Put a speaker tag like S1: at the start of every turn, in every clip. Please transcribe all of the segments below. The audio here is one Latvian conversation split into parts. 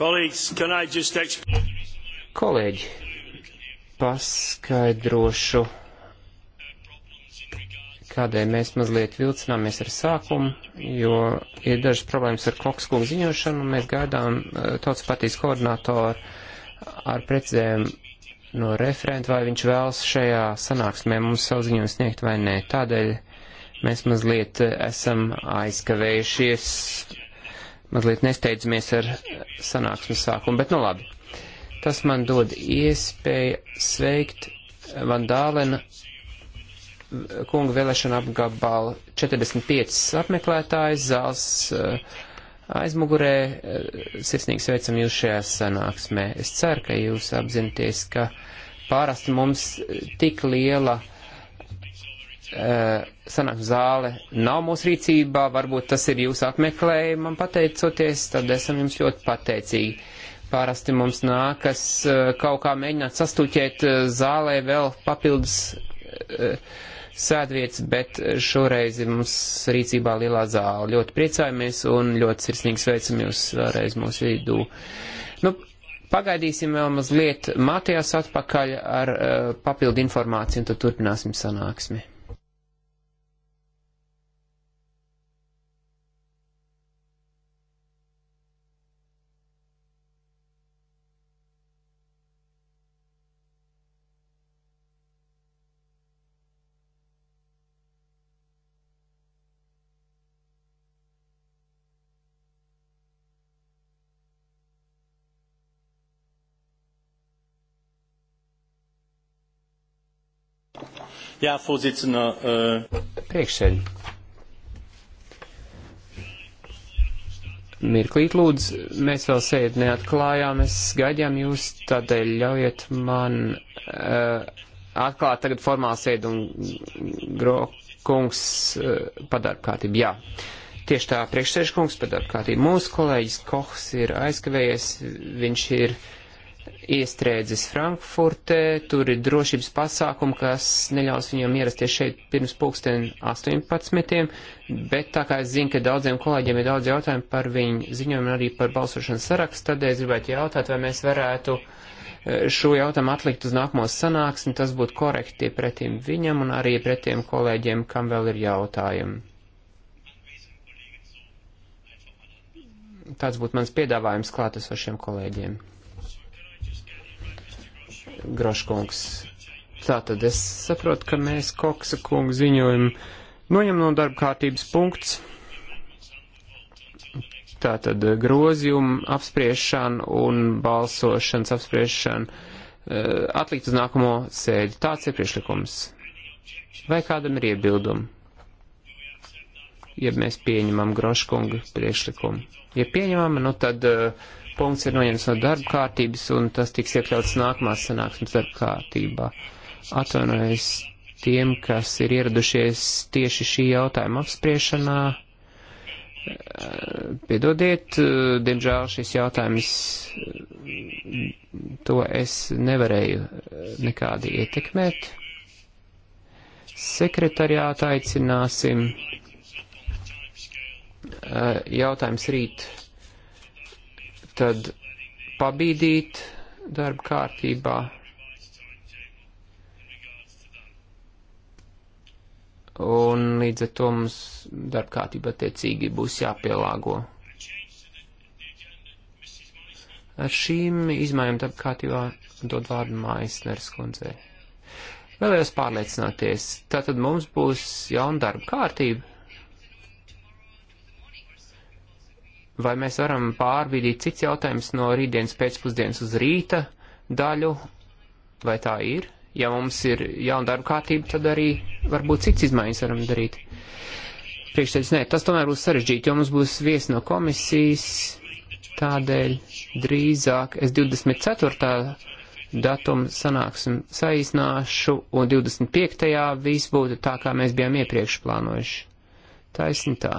S1: Kolēģi,
S2: paskaidrošu, kādēļ mēs mazliet vilcināmies ar sākumu, jo ir dažas problēmas ar Kokskungu ziņošanu, un mēs gaidām eh, tautas patīs koordinātoru ar precizēm no referenta, vai viņš vēlas šajā sanāksmē mums savu ziņojumu sniegt vai nē. Tādēļ mēs mazliet eh, esam aizkavējušies mazliet nesteidzamies ar sanāksmes sākumu, bet nu labi. Tas man dod iespēju sveikt Vandālena kunga vēlēšana apgabalu 45 apmeklētājs zāles uh, aizmugurē. Uh, sirsnīgi sveicam jūs šajā sanāksmē. Es ceru, ka jūs apzināties, ka pārasti mums tik liela uh, Eh, sanāksmes zāle nav mūsu rīcībā, varbūt tas ir jūsu apmeklējumam pateicoties, tad esam jums ļoti pateicīgi. Parasti mums nākas eh, kaut kā mēģināt sastuķēt eh, zālē vēl papildus sēdvietas, bet šoreiz ir mums rīcībā lielā zāle. Ļoti priecājamies un ļoti sirsnīgi sveicam jūs vēlreiz mūsu vidū. Nu, Pagaidīsim vēl mazliet Matijas atpakaļ ar uh, papildu informāciju, un tad turpināsim sanāksmi. Jā, Fuzicinā. Uh... Äh, Priekšsēļ. Mirklīt lūdzu, mēs vēl sēdi neatklājām, mēs gaidījām jūs, tādēļ ļaujiet man uh, atklāt tagad formāli sēdi un grokungs uh, padarkārtību. Jā. Uh, Tieši tā priekšsēžkungs par darbkārtību. Mūsu kolēģis Kohs ir aizkavējies, viņš ir iestrēdzis Frankfurtē, tur ir drošības pasākumi, kas neļaus viņam ierasties šeit pirms pulksten 18, bet tā kā es zinu, ka daudziem kolēģiem ir daudz jautājumu par viņu ziņojumu un arī par balsošanas sarakstu, tad es gribētu jautāt, vai mēs varētu e, šo jautājumu atlikt uz nākamo sanāksmi, tas būtu korekti pretim viņam un arī pretiem kolēģiem, kam vēl ir jautājumi. Tāds būtu mans piedāvājums klātesošiem kolēģiem. Groškungs. Tātad es saprotu, ka mēs Koksa kungu ziņojumu noņem no darba kārtības punkts. Tātad grozījumu apspriešana un balsošanas apspriešana eh, atlikt uz nākamo sēdi. Tāds ir priekšlikums. Vai kādam ir iebildumi? Ja mēs pieņemam Groškunga priekšlikumu. Ja pieņemam, nu tad uh, punkts ir noņemts no darba kārtības, un tas tiks iekļauts nākamās sanāksmes darba kārtībā. Atvainojos tiem, kas ir ieradušies tieši šī jautājuma apspriešanā. Piedodiet, diemžēl šis jautājums, to es nevarēju nekādi ietekmēt. Sekretariātu aicināsim. Jautājums rīt tad pabīdīt darba kārtībā. Un līdz ar to mums darba kārtība attiecīgi būs jāpielāgo. Ar šīm izmaiņām darba kārtībā dod vārdu Maisners kundzei. Vēlējos pārliecināties, tātad mums būs jauna darba kārtība. vai mēs varam pārbīdīt cits jautājums no rītdienas pēcpusdienas uz rīta daļu, vai tā ir? Ja mums ir jauna darba kārtība, tad arī varbūt cits izmaiņas varam darīt. Priekšsēdus, nē, tas tomēr būs sarežģīti, jo mums būs viesi no komisijas, tādēļ drīzāk es 24. datumu sanāksim saīsnāšu un 25. viss būtu tā, kā mēs bijām iepriekš plānojuši. Taisnība.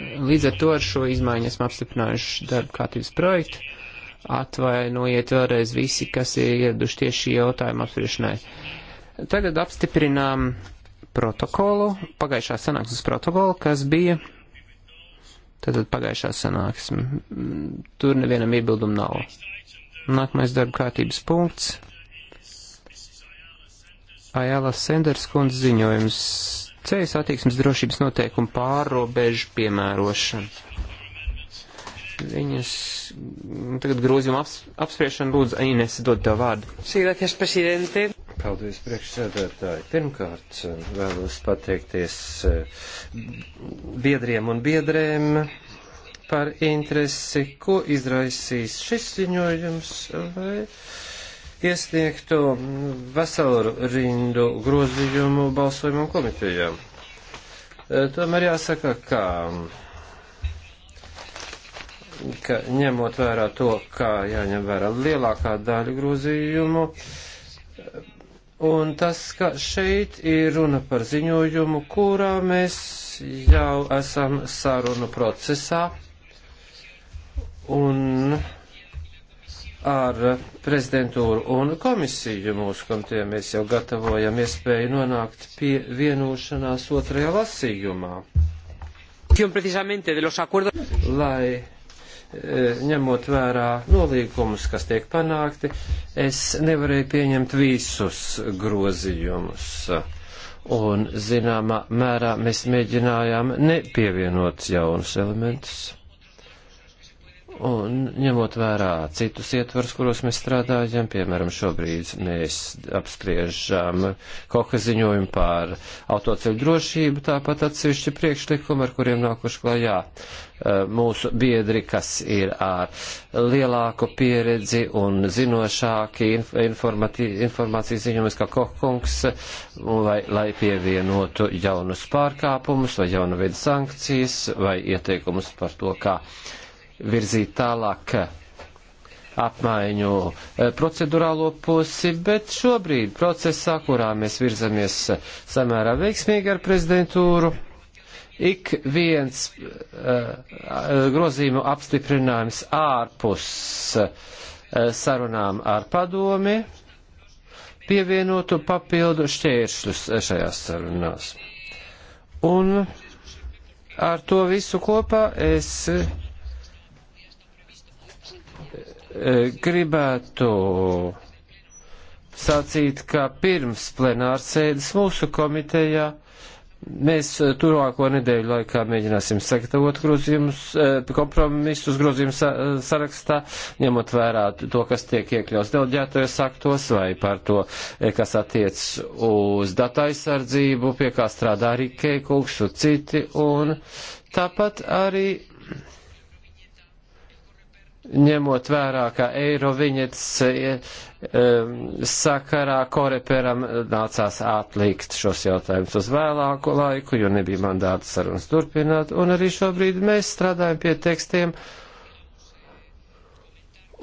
S2: Līdz ar to ar šo izmaiņu esmu apstiprinājuši darba kārtības projektu. Atvainojiet vēlreiz visi, kas ir ieraduši tieši šī jautājuma apspriešanai. Tagad apstiprinām protokolu, pagājušā sanāksmes protokolu, kas bija Tātad pagājušā sanāksme. Tur nevienam iebildumu nav. Nākamais darba kārtības punkts. Ajāla Senders kundze ziņojums Ceļa satiksmes drošības noteikumu pārrobežu piemērošana. Viņas nu, tagad grūzījuma aps, apspriešana lūdzu, Inese, dod tev vārdu.
S3: Sī, gracias, prezidente. Paldies, priekšsēdētāji. Pirmkārt, vēlos pateikties eh, biedriem un biedrēm par interesi, ko izraisīs šis ziņojums, lai iesniegtu veselu rindu grozījumu balsojumam komitejām. E, tomēr jāsaka, ka ka ņemot vērā to, kā jāņem vērā lielākā daļa grozījumu, un tas, ka šeit ir runa par ziņojumu, kurā mēs jau esam sarunu procesā, un ar prezidentūru un komisiju mūsu komitē mēs jau gatavojam iespēju nonākt pie vienošanās otrajā lasījumā. Lai e, ņemot vērā nolīgumus, kas tiek panākti, es nevarēju pieņemt visus grozījumus. Un, zināmā mērā, mēs mēģinājām nepievienot jaunus elementus. Un ņemot vērā citus ietvarus, kuros mēs strādājam, piemēram, šobrīd mēs apspriežam koka ziņojumu par autoceļu drošību, tāpat atsevišķi priekšlikumi, ar kuriem nākuši klajā eh, mūsu biedri, kas ir ar lielāku pieredzi un zinošāki informācijas ziņojumus kā kokungs, vai, lai pievienotu jaunus pārkāpumus vai jaunu veidu sankcijas vai ieteikumus par to, kā. Ka virzīt tālāk apmaiņu eh, procedurālo pusi, bet šobrīd procesā, kurā mēs virzamies samērā veiksmīgi ar prezidentūru, ik viens eh, grozījumu apstiprinājums ārpus eh, sarunām ar padomi pievienotu papildu šķēršļus šajās sarunās. Un ar to visu kopā es E, gribētu sacīt, ka pirms plenārsēdes mūsu komitejā mēs turpmāko nedēļu laikā mēģināsim sagatavot grozījumus, e, kompromisus grozījumu sarakstā, ņemot vērā to, kas tiek iekļauts delģētojas aktos vai par to, e, kas attiec uz datu aizsardzību, pie kā strādā arī Keikungs un citi. Un tāpat arī ņemot vērā, ka eiro viņets eh, sakarā koreperam nācās atlikt šos jautājumus uz vēlāku laiku, jo nebija mandāta sarunas turpināt, un arī šobrīd mēs strādājam pie tekstiem, uh,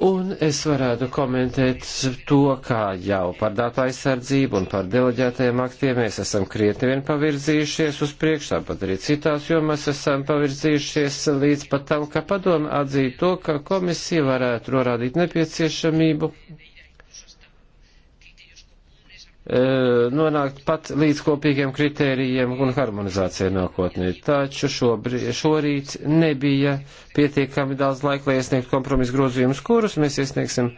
S3: Un es varētu komentēt to, kā jau par datu aizsardzību un par deleģētajiem aktiem mēs esam krietni vien pavirzījušies uz priekšu, tāpat arī citās jomās esam pavirzījušies līdz pat tam, ka padoma atzīja to, ka komisija varētu norādīt nepieciešamību E, nonākt pat līdz kopīgiem kritērijiem un harmonizācijai nākotnē. Taču šobrīd, šorīt nebija pietiekami daudz laika, lai iesniegtu kompromisu grozījumus, kurus mēs iesniegsim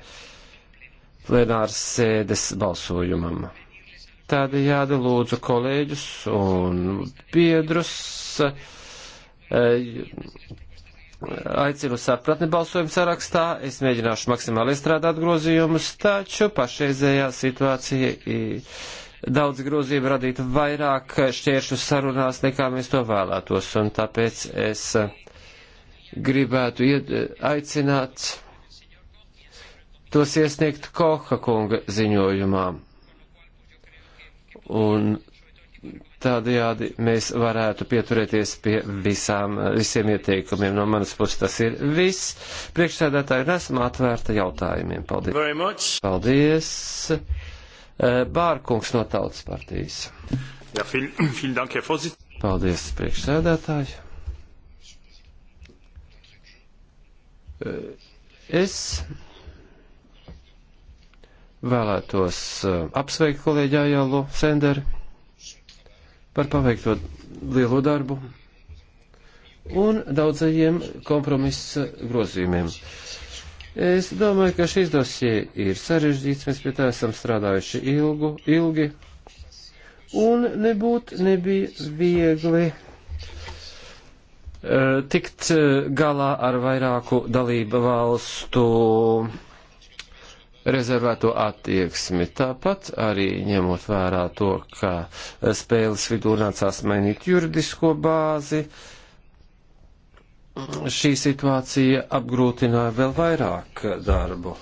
S3: plenāras sēdes balsojumam. Tādējādi lūdzu kolēģus un biedrus. E, aicinu sapratni balsojumu sarakstā, es mēģināšu maksimāli izstrādāt grozījumus, taču pašreizējā situācija daudz grozījumu radītu vairāk šķēršu sarunās, nekā mēs to vēlētos, un tāpēc es e, gribētu ied, e, aicināt tos iesniegt Koha kunga ziņojumā. Un Tādējādi mēs varētu pieturēties pie visām, visiem ieteikumiem. No manas puses tas ir viss. Priekšsēdētāji, un esam atvērta jautājumiem.
S2: Paldies.
S3: Paldies. Eh, Bārkungs no Tautas partijas. Ja, viel, viel dank, Paldies, priekšsēdētāji. Eh, es vēlētos eh, apsveikt kolēģi Jālu Senderi par paveikto lielo darbu un daudzajiem kompromisa grozījumiem. Es domāju, ka šis dosie ir sarežģīts, mēs pie tā esam strādājuši ilgu, ilgi, un nebūtu nebija viegli eh, tikt eh, galā ar vairāku dalību valstu rezervēto attieksmi. Tāpat arī ņemot vērā to, ka spēles vidū nācās mainīt juridisko bāzi, šī situācija apgrūtināja vēl vairāk darbu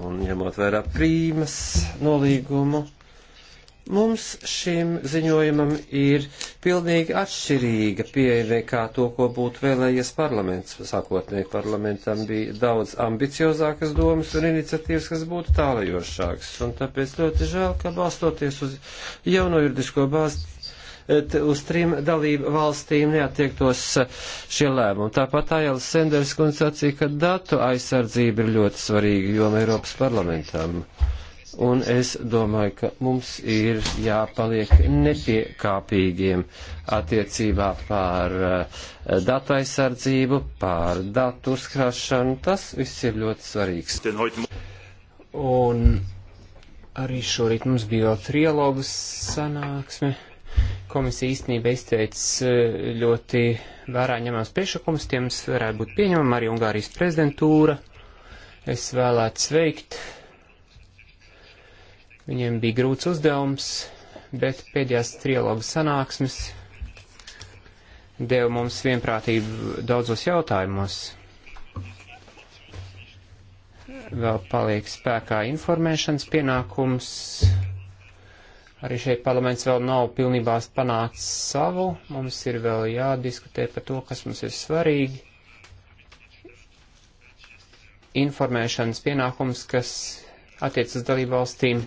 S3: un ņemot vērā prīmas nolīgumu Mums šim ziņojumam ir pilnīgi atšķirīga pieeja nekā to, ko būtu vēlējies parlaments. Sākotnēji parlamentam bija daudz ambiciozākas domas un iniciatīvas, kas būtu tālajošākas. Un tāpēc ļoti žēl, ka balstoties uz jauno juridisko bāzi, uz trim dalību valstīm neatiektos šie lēmumi. Tāpat Aijala Senders kundze sacīja, ka datu aizsardzība ir ļoti svarīga joma Eiropas parlamentam. Un es domāju, ka mums ir jāpaliek nepiekāpīgiem attiecībā par eh, datu aizsardzību, par datu uzkrāšanu. Tas viss ir ļoti svarīgs.
S2: Un arī šorīt mums bija vēl trialogas sanāksme. Komisija īstenībā izteica eh, ļoti vērā ņemams priekšlikums, tiem varētu būt pieņemama arī Ungārijas prezidentūra. Es vēlētu sveikt Viņiem bija grūts uzdevums, bet pēdējās trialogu sanāksmes deva mums vienprātību daudzos jautājumos. Vēl paliek spēkā informēšanas pienākums. Arī šeit parlaments vēl nav pilnībā panācis savu. Mums ir vēl jādiskutē par to, kas mums ir svarīgi. Informēšanas pienākums, kas attiec uz dalību valstīm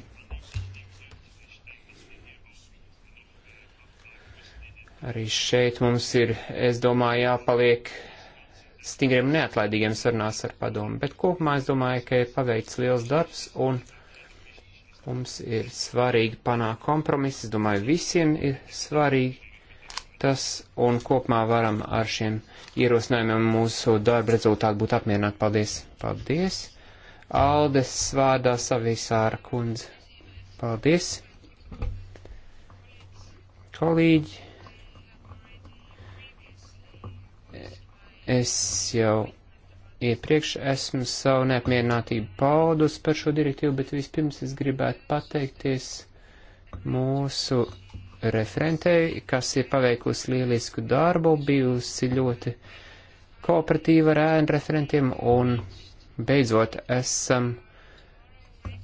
S2: Arī šeit mums ir, es domāju, jāpaliek stingriem un neatlaidīgiem sarunās ar padomu, bet kopumā es domāju, ka ir paveikts liels darbs un mums ir svarīgi panākt kompromisu. Es domāju, visiem ir svarīgi tas un kopumā varam ar šiem ierosinājumiem mūsu darba rezultātu būt apmierināti. Paldies! Paldies! Aldes vārdā Savisāra kundze. Paldies! Kolīģi! Es jau iepriekš esmu savu neapmierinātību paudus par šo direktīvu, bet vispirms es gribētu pateikties mūsu referentei, kas ir paveikusi lielisku darbu, bijusi ļoti kooperatīva ar ēnu referentiem un beidzot esam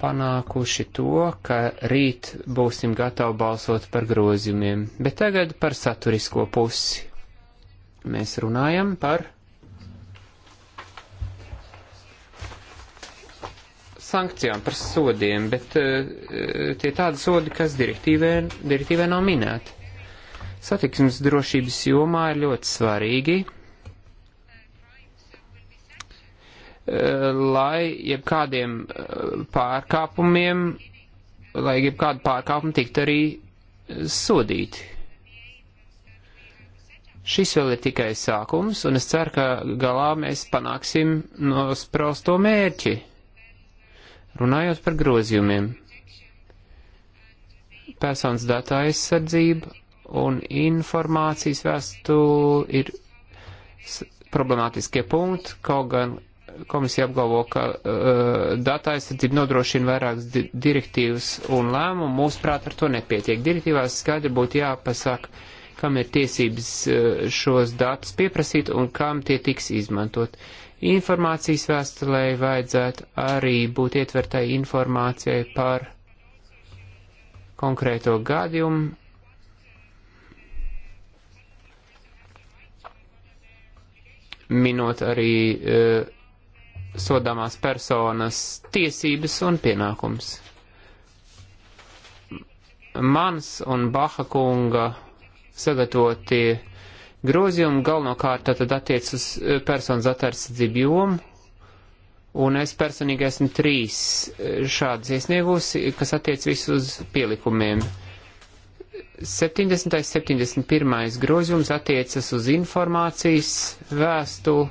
S2: panākuši to, ka rīt būsim gatavi balsot par grozījumiem, bet tagad par saturisko pusi. Mēs runājam par sankcijām, par sodiem, bet uh, tie tādi sodi, kas direktīvē, direktīvē nav minēti. Satiksmes drošības jomā ir ļoti svarīgi, uh, lai jebkādiem uh, pārkāpumiem, lai jebkādu pārkāpumu tikt arī sodīti. Šis vēl ir tikai sākums, un es ceru, ka galā mēs panāksim nosprausto mērķi. Runājot par grozījumiem, personas datu aizsardzība un informācijas vēstule ir problemātiskie punkti, kaut gan komisija apgalvo, ka uh, datu aizsardzība nodrošina vairākas di direktīvas un lēmumu, mūsuprāt ar to nepietiek. Direktīvās skaidri būtu jāpasaka kam ir tiesības eh, šos datus pieprasīt un kam tie tiks izmantot. Informācijas vēstulē vajadzētu arī būt ietvertai informācijai par konkrēto gadījumu. minot arī e, sodāmās personas tiesības un pienākums. Mans un Baha kunga sagatavotie grozījumi galvenokārt tad attiec uz eh, personas atārsardzību jomu, un es personīgi esmu trīs eh, šādas iesniegusi, kas attiec visu uz pielikumiem. 70. 71. grozījums attiecas uz informācijas vēstuli,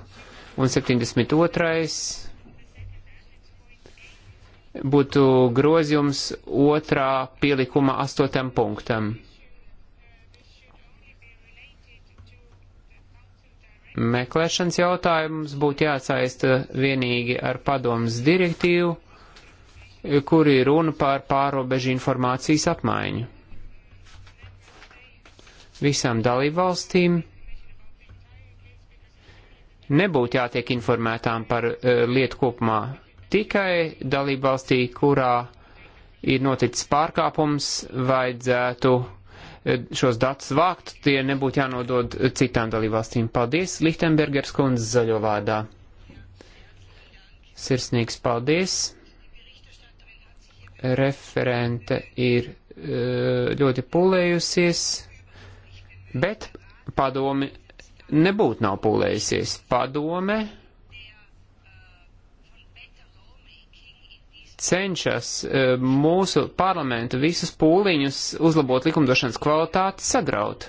S2: un 72. būtu grozījums otrā pielikuma astotam punktam meklēšanas jautājums būtu jāsaista vienīgi ar padomas direktīvu, kur ir runa par pārobežu informācijas apmaiņu. Visām dalībvalstīm nebūtu jātiek informētām par uh, lietu kopumā, tikai dalībvalstī, kurā ir noticis pārkāpums, vajadzētu uh, Eh, šos datus vākt, tie nebūtu jānodod citām dalībvalstīm. Paldies, Lichtenbergers kundze zaļo vārdā. Sirsnīgs paldies. Referente ir eh, ļoti pūlējusies, bet padomi nebūtu nav pūlējusies. Padome cenšas e, mūsu parlamentu visus pūliņus uzlabot likumdošanas kvalitāti sagraut.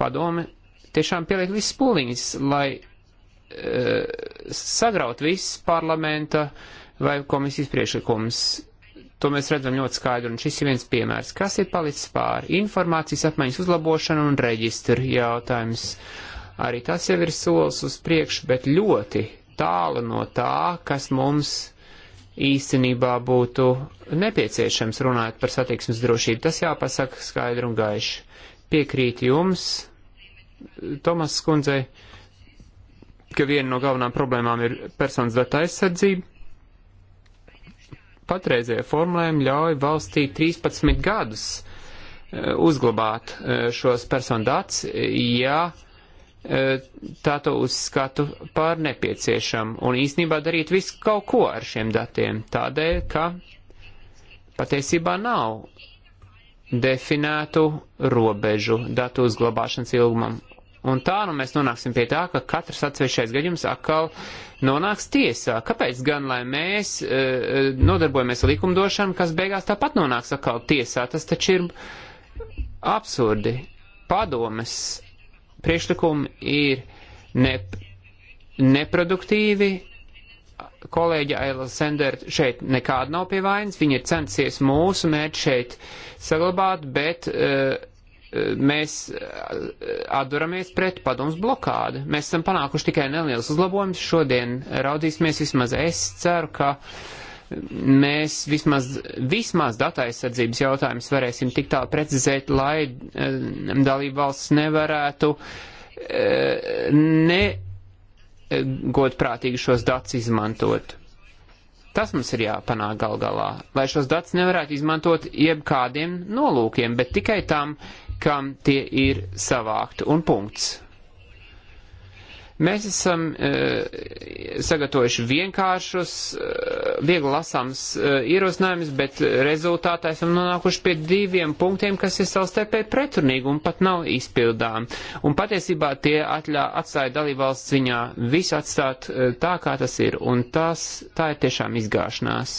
S2: Padome tiešām pieliek visus pūliņus, lai e, sagraut visus parlamenta vai komisijas priekšlikumus. To mēs redzam ļoti skaidri, un šis ir viens piemērs. Kas ir palicis pāri? Informācijas apmaiņas uzlabošana un reģistri jautājums. Arī tas jau ir solis uz priekšu, bet ļoti tālu no tā, kas mums īstenībā būtu nepieciešams runāt par satiksmes drošību. Tas jāpasaka skaidri un gaiši. Piekrīt jums, Tomas Skundzei, ka viena no galvenām problēmām ir personas data aizsardzība. Patreizējie formulējumi ļauj valstī 13 gadus eh, uzglabāt eh, šos personu datus, ja uh, E, tāto uzskatu par nepieciešamu un īstenībā darīt visu kaut ko ar šiem datiem, tādēļ, ka patiesībā nav definētu robežu datu uzglabāšanas ilgumam. Un tā nu mēs nonāksim pie tā, ka katrs atsevišķais gadījums atkal nonāks tiesā. Kāpēc gan, lai mēs e, e nodarbojamies likumdošanu, kas beigās tāpat nonāks atkal tiesā? Tas taču ir absurdi. Padomes priekšlikumi ir nep neproduktīvi. Kolēģa Aila Sender šeit nekāda nav pie vainas, viņa ir censies mūsu mērķi šeit saglabāt, bet uh, mēs eh, atduramies pret padomus blokādi. Mēs esam panākuši tikai neliels uzlabojums. Šodien raudīsimies vismaz es ceru, ka uh, mēs vismaz, vismaz datu aizsardzības jautājumus varēsim tik tālu precizēt, lai eh, dalība valsts nevarētu eh, negodprātīgi eh, šos datus izmantot. Tas mums ir jāpanāk gal galā, lai šos datus nevarētu izmantot jebkādiem nolūkiem, bet tikai tam, kam tie ir savākti un punkts. Mēs esam e, sagatavojuši vienkāršus, e, viegli lasāms e, ierosinājumus, bet rezultātā esam nonākuši pie diviem punktiem, kas ir savstarpēji pretrunīgi un pat nav izpildām. Un patiesībā tie atļā, atstāja dalībvalsts ziņā visu atstāt e, tā, kā tas ir, un tas, tā ir tiešām izgāšanās.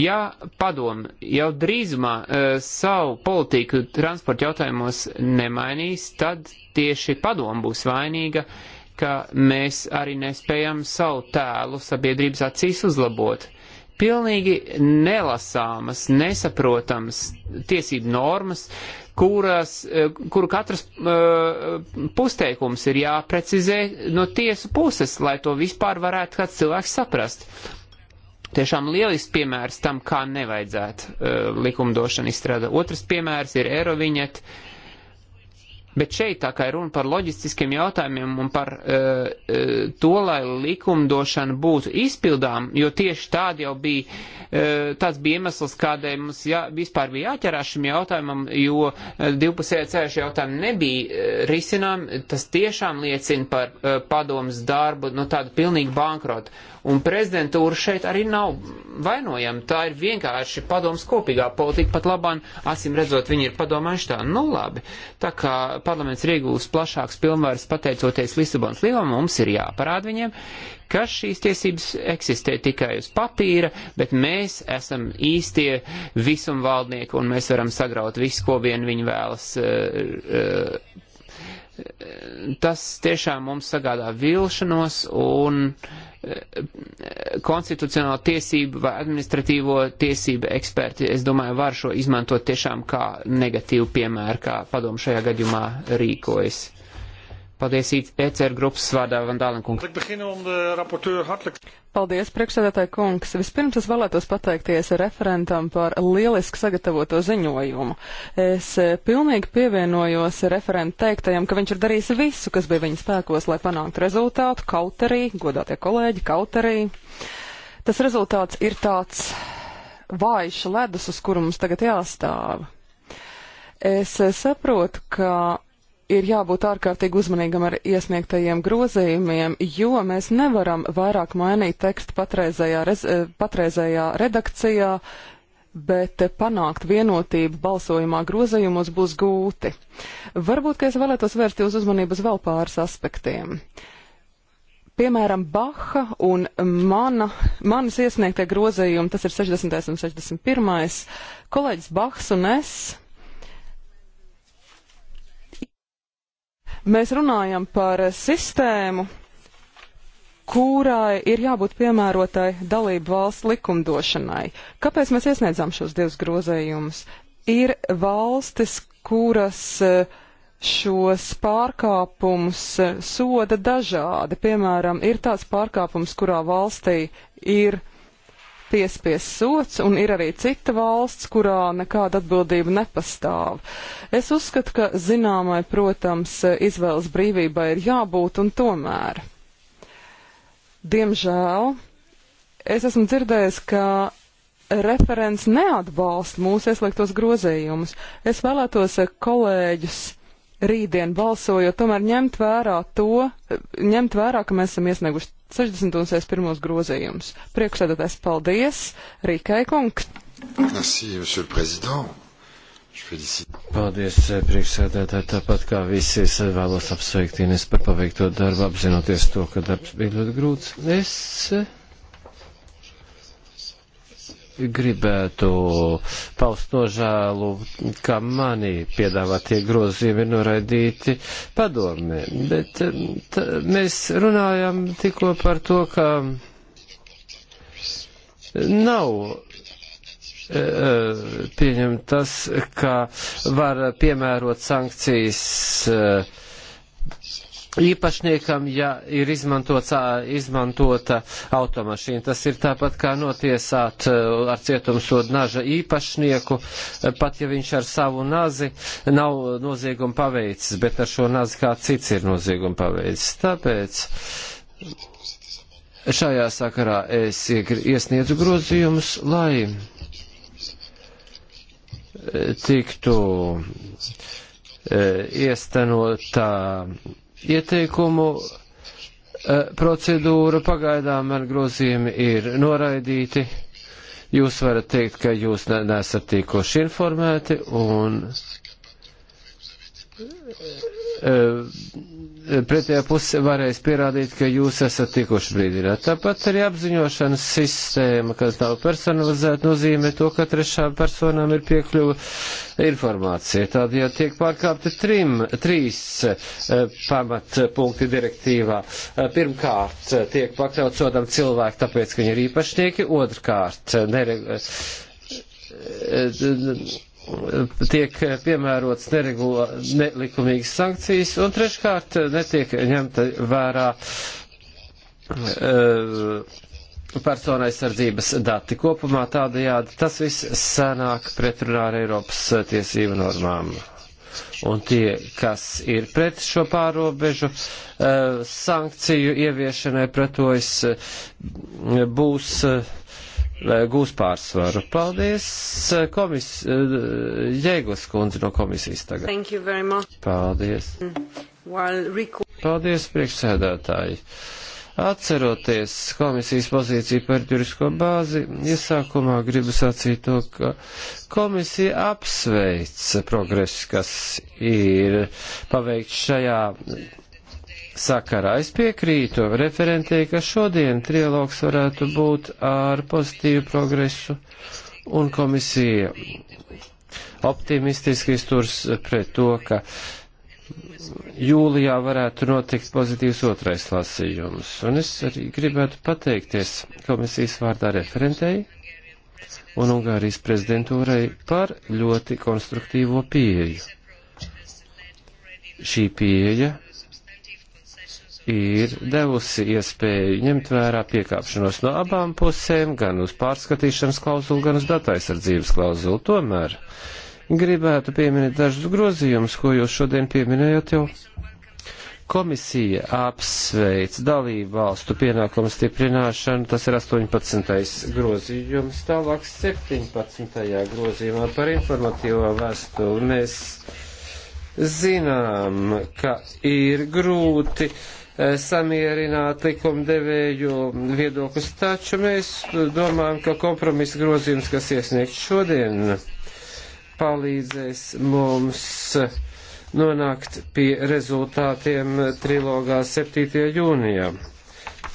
S2: Ja padom jau drīzumā e, savu politiku transporta jautājumos nemainīs, tad tieši padom būs vainīga. E, ka mēs arī nespējam savu tēlu sabiedrības acīs uzlabot. Pilnīgi nelasāmas, nesaprotamas tiesību normas, kuras, eh, kuru katras uh, eh, pusteikums ir jāprecizē no tiesu puses, lai to vispār varētu kāds cilvēks saprast. Tiešām lielisks piemērs tam, kā nevajadzētu uh, eh, likumdošanu izstrādāt. Otrs piemērs ir Eiroviņet, uh, Bet šeit tā kā ir runa par loģistiskiem jautājumiem un par uh, uh, to, lai likumdošana būtu izpildām, jo tieši tāda jau bija, uh, tāds bija iemesls, kādēļ mums jā, vispār bija jāķerās šim jautājumam, jo uh, divpusējā ceļa jautājumi nebija uh, risinām, tas tiešām liecina par uh, padomas darbu, nu tādu pilnīgu bankrotu. Un prezidentūra šeit arī nav vainojama. Tā ir vienkārši padoms kopīgā politika, pat labāk, acīm redzot, viņi ir padomājuši tā. Nu labi, tā kā parlaments ir iegūst plašāks pilnvaras pateicoties Lisabonas līgumam, mums ir jāparāda viņiem, ka šīs tiesības eksistē tikai uz papīra, bet mēs esam īstie visumvaldnieki un mēs varam sagraut visu, ko vien viņi vēlas uh, uh, tas tiešām mums sagādā vilšanos un eh, konstitucionālo tiesību vai administratīvo tiesību eksperti, es domāju, var šo izmantot tiešām kā negatīvu piemēru, kā padomu šajā gadījumā rīkojas. Paldies ECR grupas vārdā, Vandālen kungs.
S1: Paldies, priekšsēdētāji kungs. Vispirms es vēlētos pateikties referentam par lieliski sagatavoto ziņojumu. Es e, pilnīgi pievienojos referentu teiktajam, ka viņš ir darījis visu, kas bija viņa spēkos, lai panāktu rezultātu, kaut arī, godātie kolēģi, kaut arī. Tas rezultāts ir tāds vājš ledus, uz kuru mums tagad jāstāv. Es e, saprotu, ka ir jābūt ārkārtīgi uzmanīgam ar iesniegtajiem grozījumiem, jo mēs nevaram vairāk mainīt tekstu patreizējā, rez, eh, patreizējā redakcijā, bet panākt vienotību balsojumā grozījumos būs gūti. Varbūt, ka es vēlētos vērst jūs uzmanību uz vēl pāris aspektiem. Piemēram, Baha un mana, manas iesniegtie grozījumi, tas ir 60. un 61. kolēģis Bahs un es Mēs runājam par sistēmu, kurai ir jābūt piemērotai dalību valsts likumdošanai. Kāpēc mēs iesniedzām šos divus grozējumus? Ir valstis, kuras eh, šos pārkāpumus eh, soda dažādi. Piemēram, ir tāds pārkāpums, kurā valstī ir piespies sots, un ir arī cita valsts, kurā nekāda atbildība nepastāv. Es uzskatu, ka zināmai, protams, izvēles brīvībai ir jābūt, un tomēr, diemžēl, es esmu dzirdējis, ka referents neatbalsta mūsu ieslēgtos grozējumus. Es vēlētos eh, kolēģus rītdien balsojot, tomēr ņemt vērā to, ņemt vērā, ka mēs esam iesnieguši 60. un 61. grozījums. Priekšsēdētājs paldies, Rīkai kungs.
S3: Merci, monsieur le
S1: président.
S3: Paldies, priekšsēdētāji, tāpat kā visi es vēlos apsveikt Ines par paveikto darbu, apzinoties to, ka darbs bija ļoti grūts. Es gribētu paust nožēlu, ka mani piedāvātie grozījumi ir noraidīti padomē. Bet eh, t, mēs runājam tikko par to, ka nav eh, pieņem tas, ka var piemērot sankcijas eh, īpašniekam, ja ir izmantots, izmantota automašīna. Tas ir tāpat kā notiesāt ar cietumsodu naža īpašnieku, pat ja viņš ar savu nazi nav noziegumu paveicis, bet ar šo nazi kā cits ir noziegumu paveicis. Tāpēc šajā sakarā es iesniedzu grozījumus, lai tiktu iestenotā uh, ieteikumu e, procedūra pagaidām ar grozījumi ir noraidīti. Jūs varat teikt, ka jūs nesat tīkoši informēti un e, pretējā puse varēs pierādīt, ka jūs esat tikuši brīdināti. Tāpat arī apziņošanas sistēma, kas nav personalizēta, nozīmē to, ka trešām personām ir piekļuva informācija. Tādējādi ja tiek pārkāpti trim, trīs eh, pamatpunkti direktīvā. Eh, pirmkārt, eh, tiek pakļaut sodam cilvēki, tāpēc, ka viņi ir īpašnieki. Otrkārt, nere, tiek piemērots neregulā, nelikumīgas sankcijas, un treškārt eh, netiek ņemta vērā uh, eh, personai sardzības dati. Kopumā tādajādi tas viss sanāk pretrunā ar Eiropas eh, tiesību normām. Un tie, kas ir pret šo pārobežu sankciju ieviešanai pretojas, būs gūs pārsvaru. Paldies, komis, Jēglas kundze no komisijas tagad.
S1: Thank you very much.
S3: Paldies. Mm. Paldies, priekšsēdētāji. Atceroties komisijas pozīciju par jurisko bāzi, iesākumā gribu sacīt to, ka komisija apsveic progresu, kas ir paveikts šajā sakarā. Es piekrītu referentei, ka šodien trialogs varētu būt ar pozitīvu progresu un komisija optimistiski izturs pret to, ka jūlijā varētu notikt pozitīvs otrais lasījums. Un es arī gribētu pateikties komisijas vārdā referentei un Ungārijas prezidentūrai par ļoti konstruktīvo pieeju. Šī pieeja ir devusi iespēju ņemt vērā piekāpšanos no abām pusēm, gan uz pārskatīšanas klauzulu, gan uz dataizsardzības klauzulu. Tomēr gribētu pieminēt dažus grozījumus, ko jūs šodien pieminējat jau. Komisija apsveic dalību valstu pienākumu stiprināšanu, tas ir 18. grozījums, tālāk 17. grozījumā par informatīvo vēstuli. Mēs zinām, ka ir grūti uh, Eh, samierināt likumdevēju viedokļus, taču mēs domājam, ka kompromisa grozījums, kas iesniegts šodien, palīdzēs mums nonākt pie rezultātiem trilogā 7. jūnijā.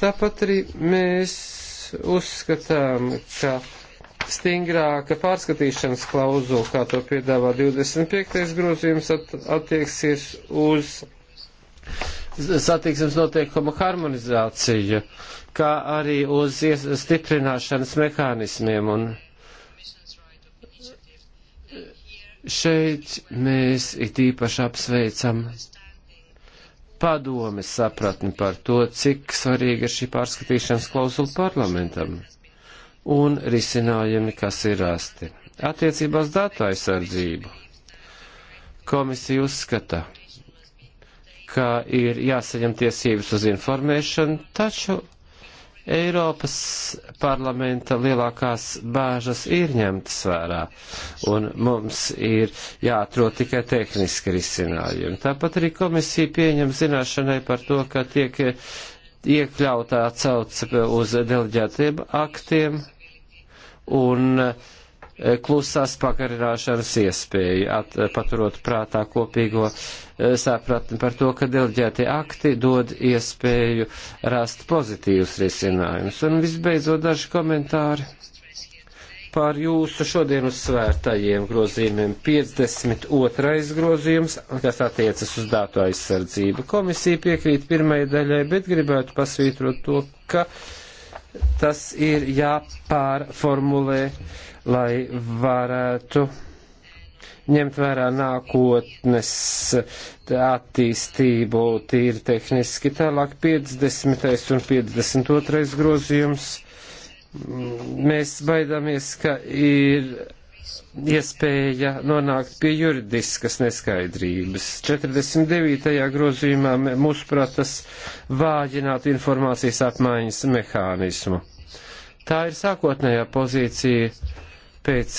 S3: Tāpat arī mēs uzskatām, ka stingrāka pārskatīšanas klauzula, kā to piedāvā 25. grozījums, at attieksies uz satiksmes noteikumu harmonizāciju, kā arī uz stiprināšanas mehānismiem. Un šeit mēs it īpaši apsveicam padomi sapratni par to, cik svarīga ir šī pārskatīšanas klausula parlamentam un risinājumi, kas ir rasti. Attiecībās datu aizsardzību. Komisija uzskata, ka ir jāsaņem tiesības uz informēšanu, taču Eiropas parlamenta lielākās bāžas ir ņemtas vērā, un mums ir jāatrod tikai tehniski risinājumi. Tāpat arī komisija pieņem zināšanai par to, ka tiek iekļautā cauts uz deleģētiem aktiem, un uh, klusās pagarināšanas iespēju, at, paturot prātā kopīgo eh, sapratni par to, ka delģētie akti dod iespēju rast pozitīvus risinājumus. Un visbeidzot daži komentāri par jūsu šodien uzsvērtajiem grozījumiem. 52. grozījums, kas attiecas uz datu aizsardzību. Komisija piekrīt pirmajai daļai, bet gribētu pasvītrot to, ka tas ir jāpārformulē lai varētu ņemt vērā nākotnes attīstību tīri tehniski. Tālāk 50. un 52. grozījums. Mēs baidāmies, ka ir iespēja nonākt pie juridiskas neskaidrības. 49. grozījumā mūsuprāt tas vājinātu informācijas apmaiņas mehānismu. Tā ir sākotnējā pozīcija pēc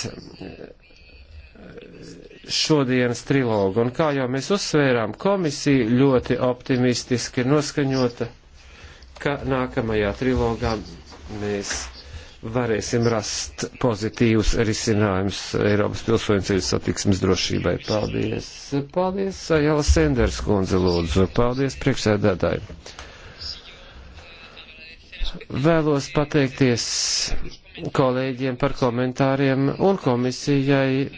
S3: šodienas trilogu. Un kā jau mēs uzsvērām, komisija ļoti optimistiski ir noskaņota, ka nākamajā trilogā mēs varēsim rast pozitīvus risinājumus Eiropas pilsoņu ceļu satiksmes drošībai. Paldies! Paldies, Jāla Senders kundze lūdzu! Paldies, priekšsēdētāji! Vēlos pateikties kolēģiem par komentāriem un komisijai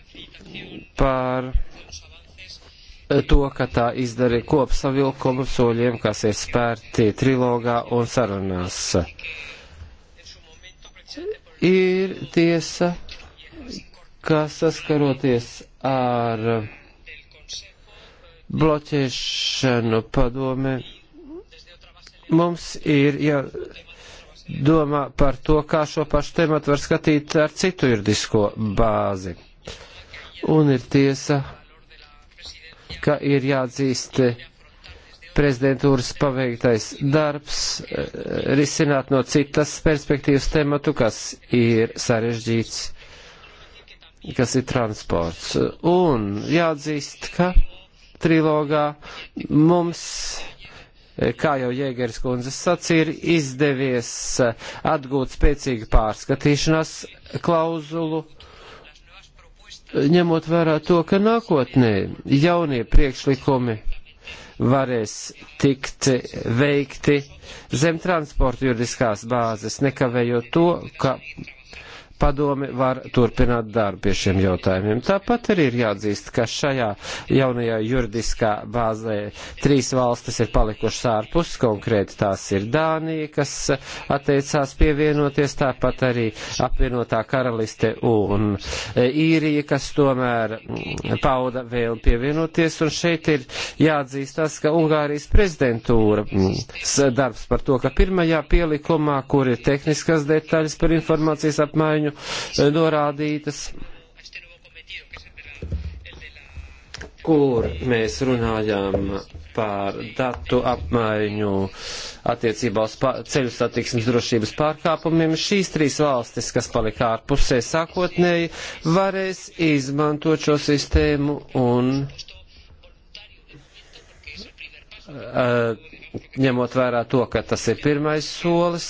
S3: par eh, to, ka tā izdarīja kopsavilkumu soļiem, kas ir spērti trilogā un sarunās. Ir tiesa, ka saskaroties ar bloķēšanu padome, mums ir jā. Ja, jādomā par to, kā šo pašu tematu var skatīt ar citu juridisko bāzi. Un ir tiesa, ka ir jāatzīst prezidentūras paveiktais darbs, eh, risināt no citas perspektīvas tematu, kas ir sarežģīts, kas ir transports. Un jāatzīst, ka trilogā mums Eh, kā jau Jēgers kundze sacīja, ir izdevies eh, atgūt spēcīgu pārskatīšanās klauzulu, eh, ņemot vērā to, ka nākotnē jaunie priekšlikumi varēs tikt veikti zem transporta juridiskās bāzes, nekavējot to, ka padome var turpināt darbu pie šiem jautājumiem. Tāpat arī ir jāatzīst, ka šajā jaunajā juridiskā bāzē trīs valstis ir palikušas ārpus, konkrēti tās ir Dānija, kas atteicās pievienoties, tāpat arī apvienotā karaliste un īrija, kas tomēr pauda vēl pievienoties, un šeit ir jāatzīst tas, ka Ungārijas prezidentūra mm, darbs par to, ka pirmajā pielikumā, kur ir tehniskas detaļas par informācijas apmaiņu, termiņu eh, norādītas, kur mēs runājām par datu apmaiņu attiecībā uz ceļu satiksmes drošības pārkāpumiem. Šīs trīs valstis, kas palika ārpusē sākotnēji, varēs izmantot šo sistēmu un. Uh, ņemot vērā to, ka tas ir pirmais solis,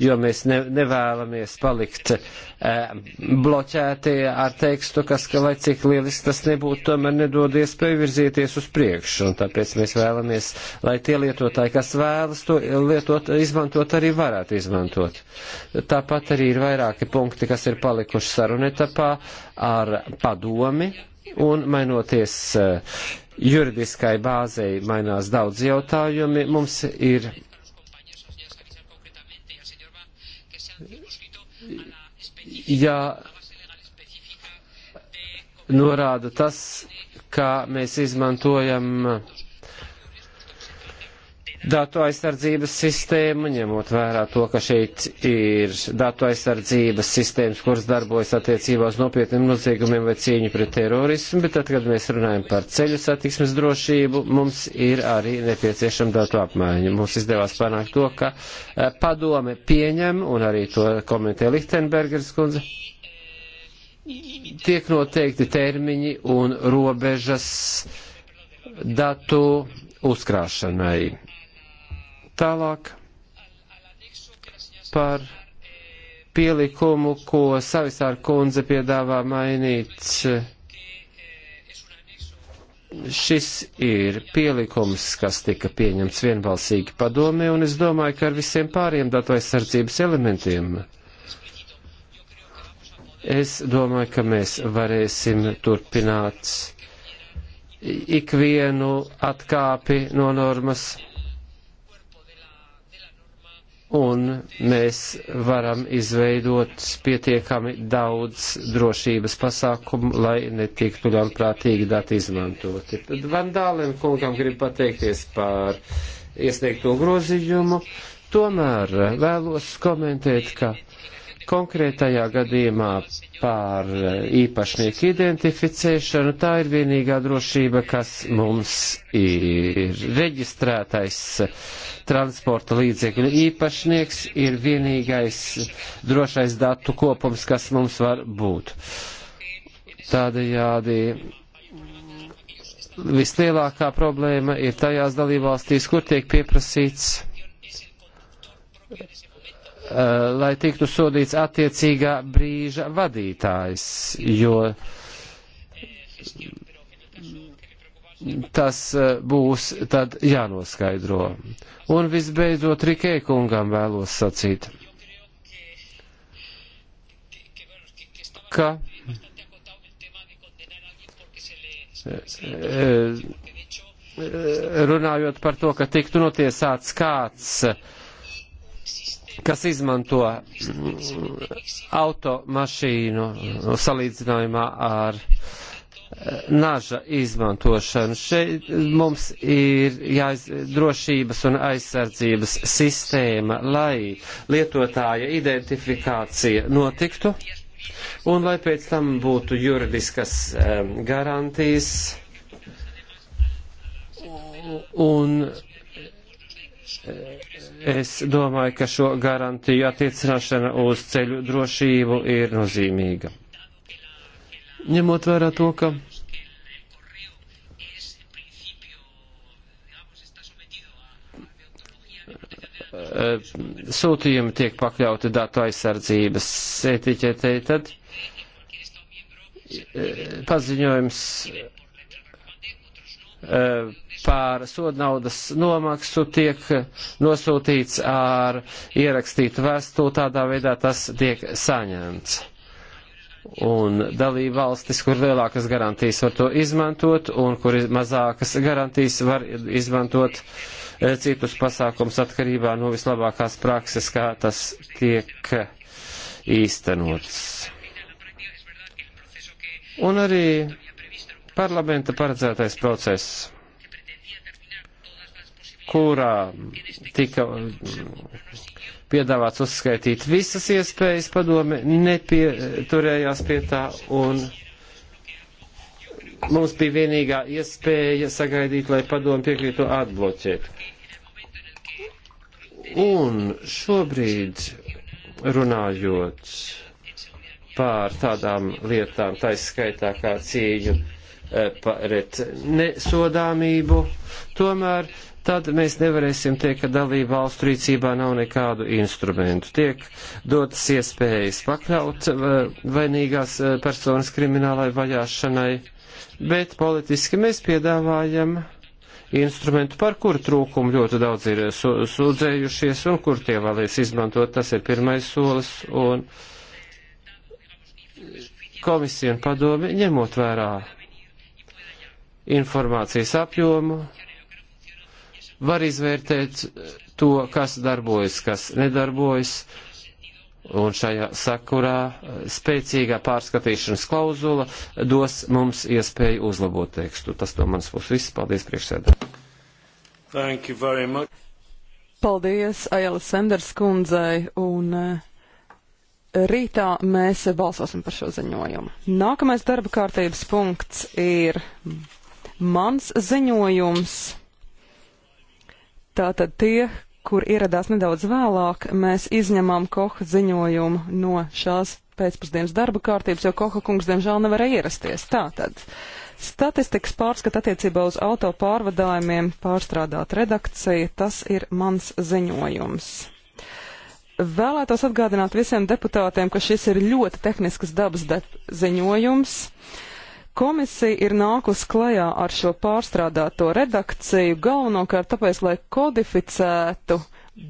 S3: jo mēs ne, nevēlamies palikt e, bloķēti ar tekstu, kas, ka lai cik lielis tas nebūtu, tomēr nedod iespēju virzīties uz priekšu, un tāpēc mēs vēlamies, lai tie lietotāji, kas vēlas to lietot, izmantot, arī varētu izmantot. Tāpat arī ir vairāki punkti, kas ir palikuši sarunetapā ar padomi, un mainoties. E, juridiskai bāzei mainās daudz jautājumi. Mums ir jā, norāda tas, kā mēs izmantojam uh, datu aizsardzības sistēmu, ņemot vērā to, ka šeit ir datu aizsardzības sistēmas, kuras darbojas attiecībā uz nopietniem noziegumiem vai cīņu pret terorismu, bet tad, kad mēs runājam par ceļu satiksmes drošību, mums ir arī nepieciešama datu apmaiņa. Mums izdevās panākt to, ka eh, padome pieņem, un arī to komentē Lichtenbergers kundze, tiek noteikti termiņi un robežas datu uzkrāšanai Tālāk par pielikumu, ko Savisāra kundze piedāvā mainīt. Šis ir pielikums, kas tika pieņemts vienbalsīgi padomē, un es domāju, ka ar visiem pāriem datu aizsardzības elementiem. Es domāju, ka mēs varēsim turpināt ikvienu atkāpi no normas un mēs varam izveidot pietiekami daudz drošības pasākumu, lai netiktu ļaunprātīgi dati izmantoti. Vandālēm kungam grib pateikties par iesniegto grozījumu, tomēr vēlos komentēt, ka Konkrētajā gadījumā par e, īpašnieku identificēšanu tā ir vienīgā drošība, kas mums ir. Reģistrētais transporta līdzekļu īpašnieks ir vienīgais drošais datu kopums, kas mums var būt. Tādējādi vislielākā problēma ir tajās dalībvalstīs, kur tiek pieprasīts Eh, lai tiktu sodīts attiecīgā brīža vadītājs, jo tas eh, būs tad jānoskaidro. Un visbeidzot, Rikē kungam vēlos sacīt, ka eh, runājot par to, ka tiktu notiesāts kāds kas izmanto automašīnu salīdzinājumā ar eh, naža izmantošanu. Šeit mums ir jāiz, drošības un aizsardzības sistēma, lai lietotāja identifikācija notiktu un lai pēc tam būtu juridiskas um, garantijas un um, Es domāju, ka šo garantiju attiecināšana uz ceļu drošību ir nozīmīga. Ņemot vērā to, ka sūtījumi tiek pakļauti datu aizsardzības etiķetei, tad eh, paziņojums eh, pār sodnaudas nomaksu tiek nosūtīts ar ierakstītu vēstuli, tādā veidā tas tiek saņemts. Un dalība valstis, kur lielākas garantijas var to izmantot, un kur mazākas garantijas var izmantot e, citus pasākums atkarībā no vislabākās prakses, kā tas tiek īstenots. Un arī parlamenta paredzētais process kurā tika piedāvāts uzskaitīt visas iespējas, padome nepieturējās pie tā, un mums bija vienīgā iespēja sagaidīt, lai padome piekrītu atbloķēt. Un šobrīd runājot pār tādām lietām, taiskaitā kā cīņu eh, pret nesodāmību, tomēr tad mēs nevarēsim teikt, ka dalība valstu rīcībā nav nekādu instrumentu. Tiek dotas iespējas pakļaut eh, vainīgās eh, personas kriminālai vajāšanai, bet politiski mēs piedāvājam instrumentu, par kuru trūkumu ļoti daudz ir sūdzējušies un kur tie vēlēs izmantot. Tas ir pirmais solis. Un komisija un padomi ņemot vērā informācijas apjomu, var izvērtēt to, kas darbojas, kas nedarbojas, un šajā sakurā spēcīgā pārskatīšanas klauzula dos mums iespēju uzlabot tekstu. Tas no manas puses viss. Paldies, priekšsēdē.
S1: Paldies, Aila Sanders kundzei, un eh, rītā mēs balsosim par šo ziņojumu. Nākamais darba kārtības punkts ir mans ziņojums. Tātad tie, kur ieradās nedaudz vēlāk, mēs izņemam Koha ziņojumu no šās pēcpusdienas darba kārtības, jo Koha kungs diemžēl nevarēja ierasties. Tātad statistikas pārskata attiecībā uz auto pārvadājumiem pārstrādāt redakcija, tas ir mans ziņojums. Vēlētos atgādināt visiem deputātiem, ka šis ir ļoti tehniskas dabas ziņojums. Uh, Komisija ir nākus klajā ar šo pārstrādāto redakciju galvenokārt tāpēc, lai kodificētu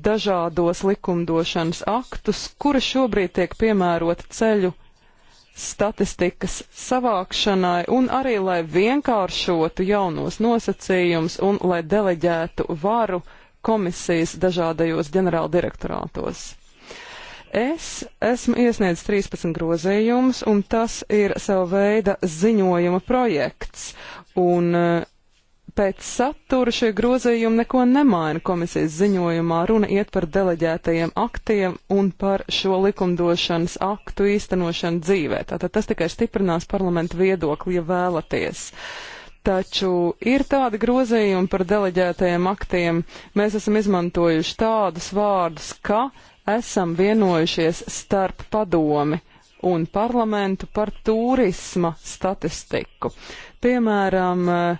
S1: dažādos likumdošanas aktus, kura šobrīd tiek piemērota ceļu statistikas savākšanai un arī, lai vienkāršotu jaunos nosacījumus un lai deleģētu varu komisijas dažādajos ģenerāldirektorātos. Es esmu iesniedzis 13 grozījumus, un tas ir sava veida ziņojuma projekts. Un eh, pēc satura šie grozījumi neko nemaina komisijas ziņojumā. Runa iet par deleģētajiem aktiem un par šo likumdošanas aktu īstenošanu dzīvē. Tātad tas tikai stiprinās parlamentu viedokli, ja vēlaties taču ir tādi grozījumi par deleģētajiem aktiem. Mēs esam izmantojuši tādus vārdus, ka esam vienojušies starp padomi un parlamentu par turisma statistiku. Piemēram, eh,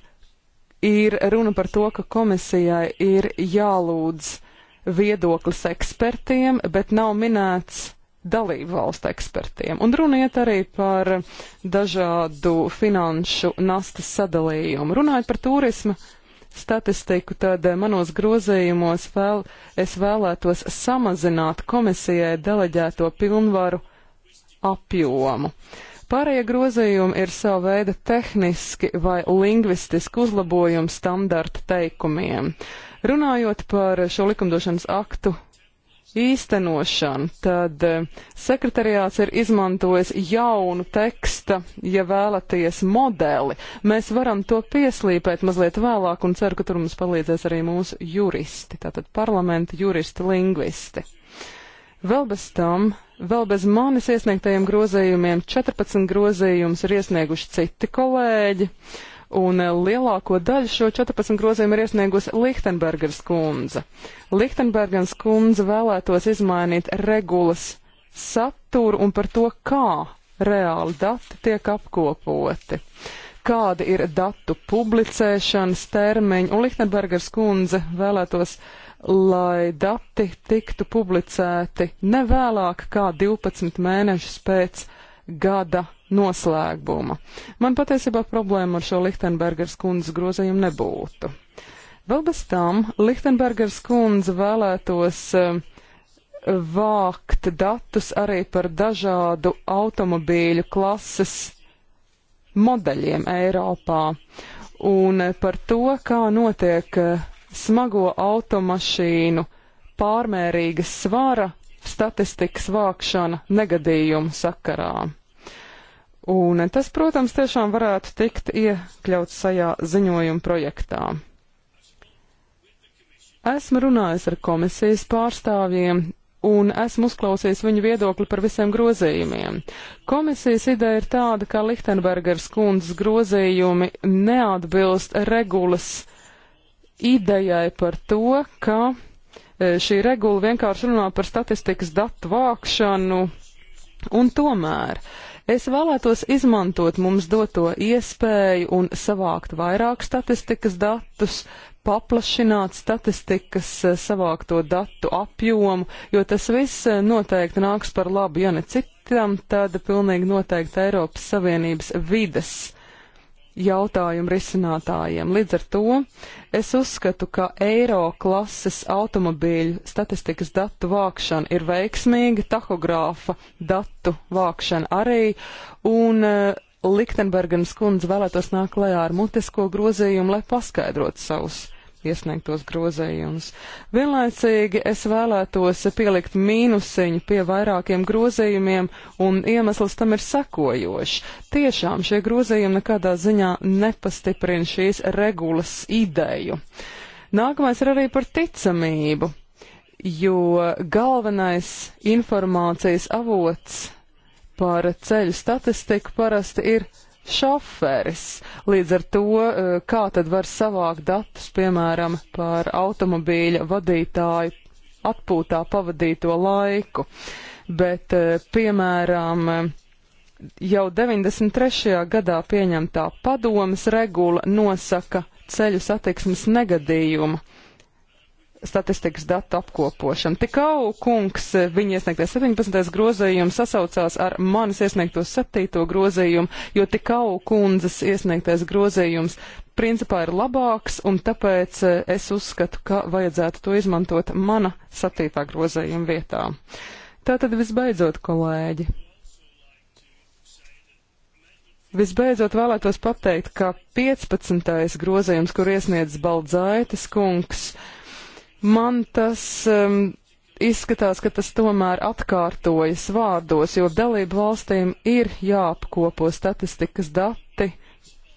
S1: ir runa par to, ka komisijai ir jālūdz viedoklis ekspertiem, bet nav minēts dalību valstu ekspertiem. Un runiet arī par dažādu finanšu nastas sadalījumu. Runājot par turismu statistiku, tad eh, manos grozījumos vēl es vēlētos samazināt komisijai deleģēto pilnvaru apjomu. Pārējie grozījumi ir sava veida tehniski vai lingvistiski uzlabojumi standarta teikumiem. Runājot par šo likumdošanas aktu īstenošanu, tad eh, sekretariāts ir izmantojis jaunu teksta, ja vēlaties, modeli. Mēs varam to pieslīpēt mazliet vēlāk un ceru, ka tur mums palīdzēs arī mūsu juristi, tātad parlamenta juristi, lingvisti. Vēl bez tam, vēl bez manis iesniegtajiem grozējumiem, 14 grozījumus ir iesnieguši citi kolēģi. Uh, un lielāko daļu šo 14 grozījumu ir iesniegusi Lichtenbergers kundze. Lichtenbergers kundze vēlētos izmainīt regulas saturu un par to, kā reāli dati tiek apkopoti, kādi ir datu publicēšanas termiņi, un Lichtenbergers kundze vēlētos, lai dati tiktu publicēti nevēlāk kā 12 mēnešus pēc gada noslēguma. Man patiesībā problēma ar šo Lichtenbergers kundzes grozījumu nebūtu. Vēl bez tam Lichtenbergers kundze vēlētos uh, vākt datus arī par dažādu automobīļu klases modeļiem Eiropā un par to, kā notiek eh, smago automašīnu pārmērīga svara statistikas vākšana negadījumu sakarā. Un tas, protams, tiešām varētu tikt iekļauts šajā ziņojuma projektā. Esmu runājis ar komisijas pārstāvjiem un esmu uzklausījis viņu viedokli par visiem grozījumiem. Komisijas ideja ir tāda, ka Lichtenbergers kundzes grozījumi neatbilst regulas idejai par to, ka E, šī regula vienkārši runā par statistikas datu vākšanu, un tomēr es vēlētos izmantot mums doto iespēju un savākt vairāk statistikas datus, paplašināt statistikas e, savākto datu apjomu, jo tas viss e, noteikti nāks par labu, ja ne citam, tad pilnīgi noteikti Eiropas Savienības vides jautājumu risinātājiem. Līdz ar to es uzskatu, ka eiro klases automobīļu statistikas datu vākšana ir veiksmīga, tahogrāfa datu vākšana arī, un eh, Liktenbergenas kundze vēlētos nākt klajā ar mutisko grozījumu, lai paskaidrotu savus iesniegtos grozējumus. Vienlaicīgi es vēlētos pielikt mīnusiņu pie vairākiem grozējumiem, un iemesls tam ir sekojošs. Tiešām šie grozējumi nekādā ziņā nepastiprina šīs regulas ideju. Nākamais ir arī par ticamību, jo galvenais informācijas avots par ceļu statistiku parasti ir šoferis. Līdz ar to, eh, kā tad var savākt datus, piemēram, par automobīļa vadītāju atpūtā pavadīto laiku. Bet, eh, piemēram, jau 93. gadā pieņemtā padomas regula nosaka ceļu satiksmes negadījumu statistikas datu apkopošanu. Tikau kungs eh, viņa iesniegtais 17. grozījums sasaucās ar manis iesniegto 7. grozījumu, jo tikau kundzes iesniegtais grozījums principā ir labāks, un tāpēc eh, es uzskatu, ka vajadzētu to izmantot mana 7. grozījuma vietā. Tātad visbeidzot, kolēģi. Visbeidzot vēlētos pateikt, ka 15. grozījums, kur iesniedz Baldzaitis kungs, uh, Man tas um, izskatās, ka tas tomēr atkārtojas vārdos, jo dalību valstīm ir jāapkopo statistikas dati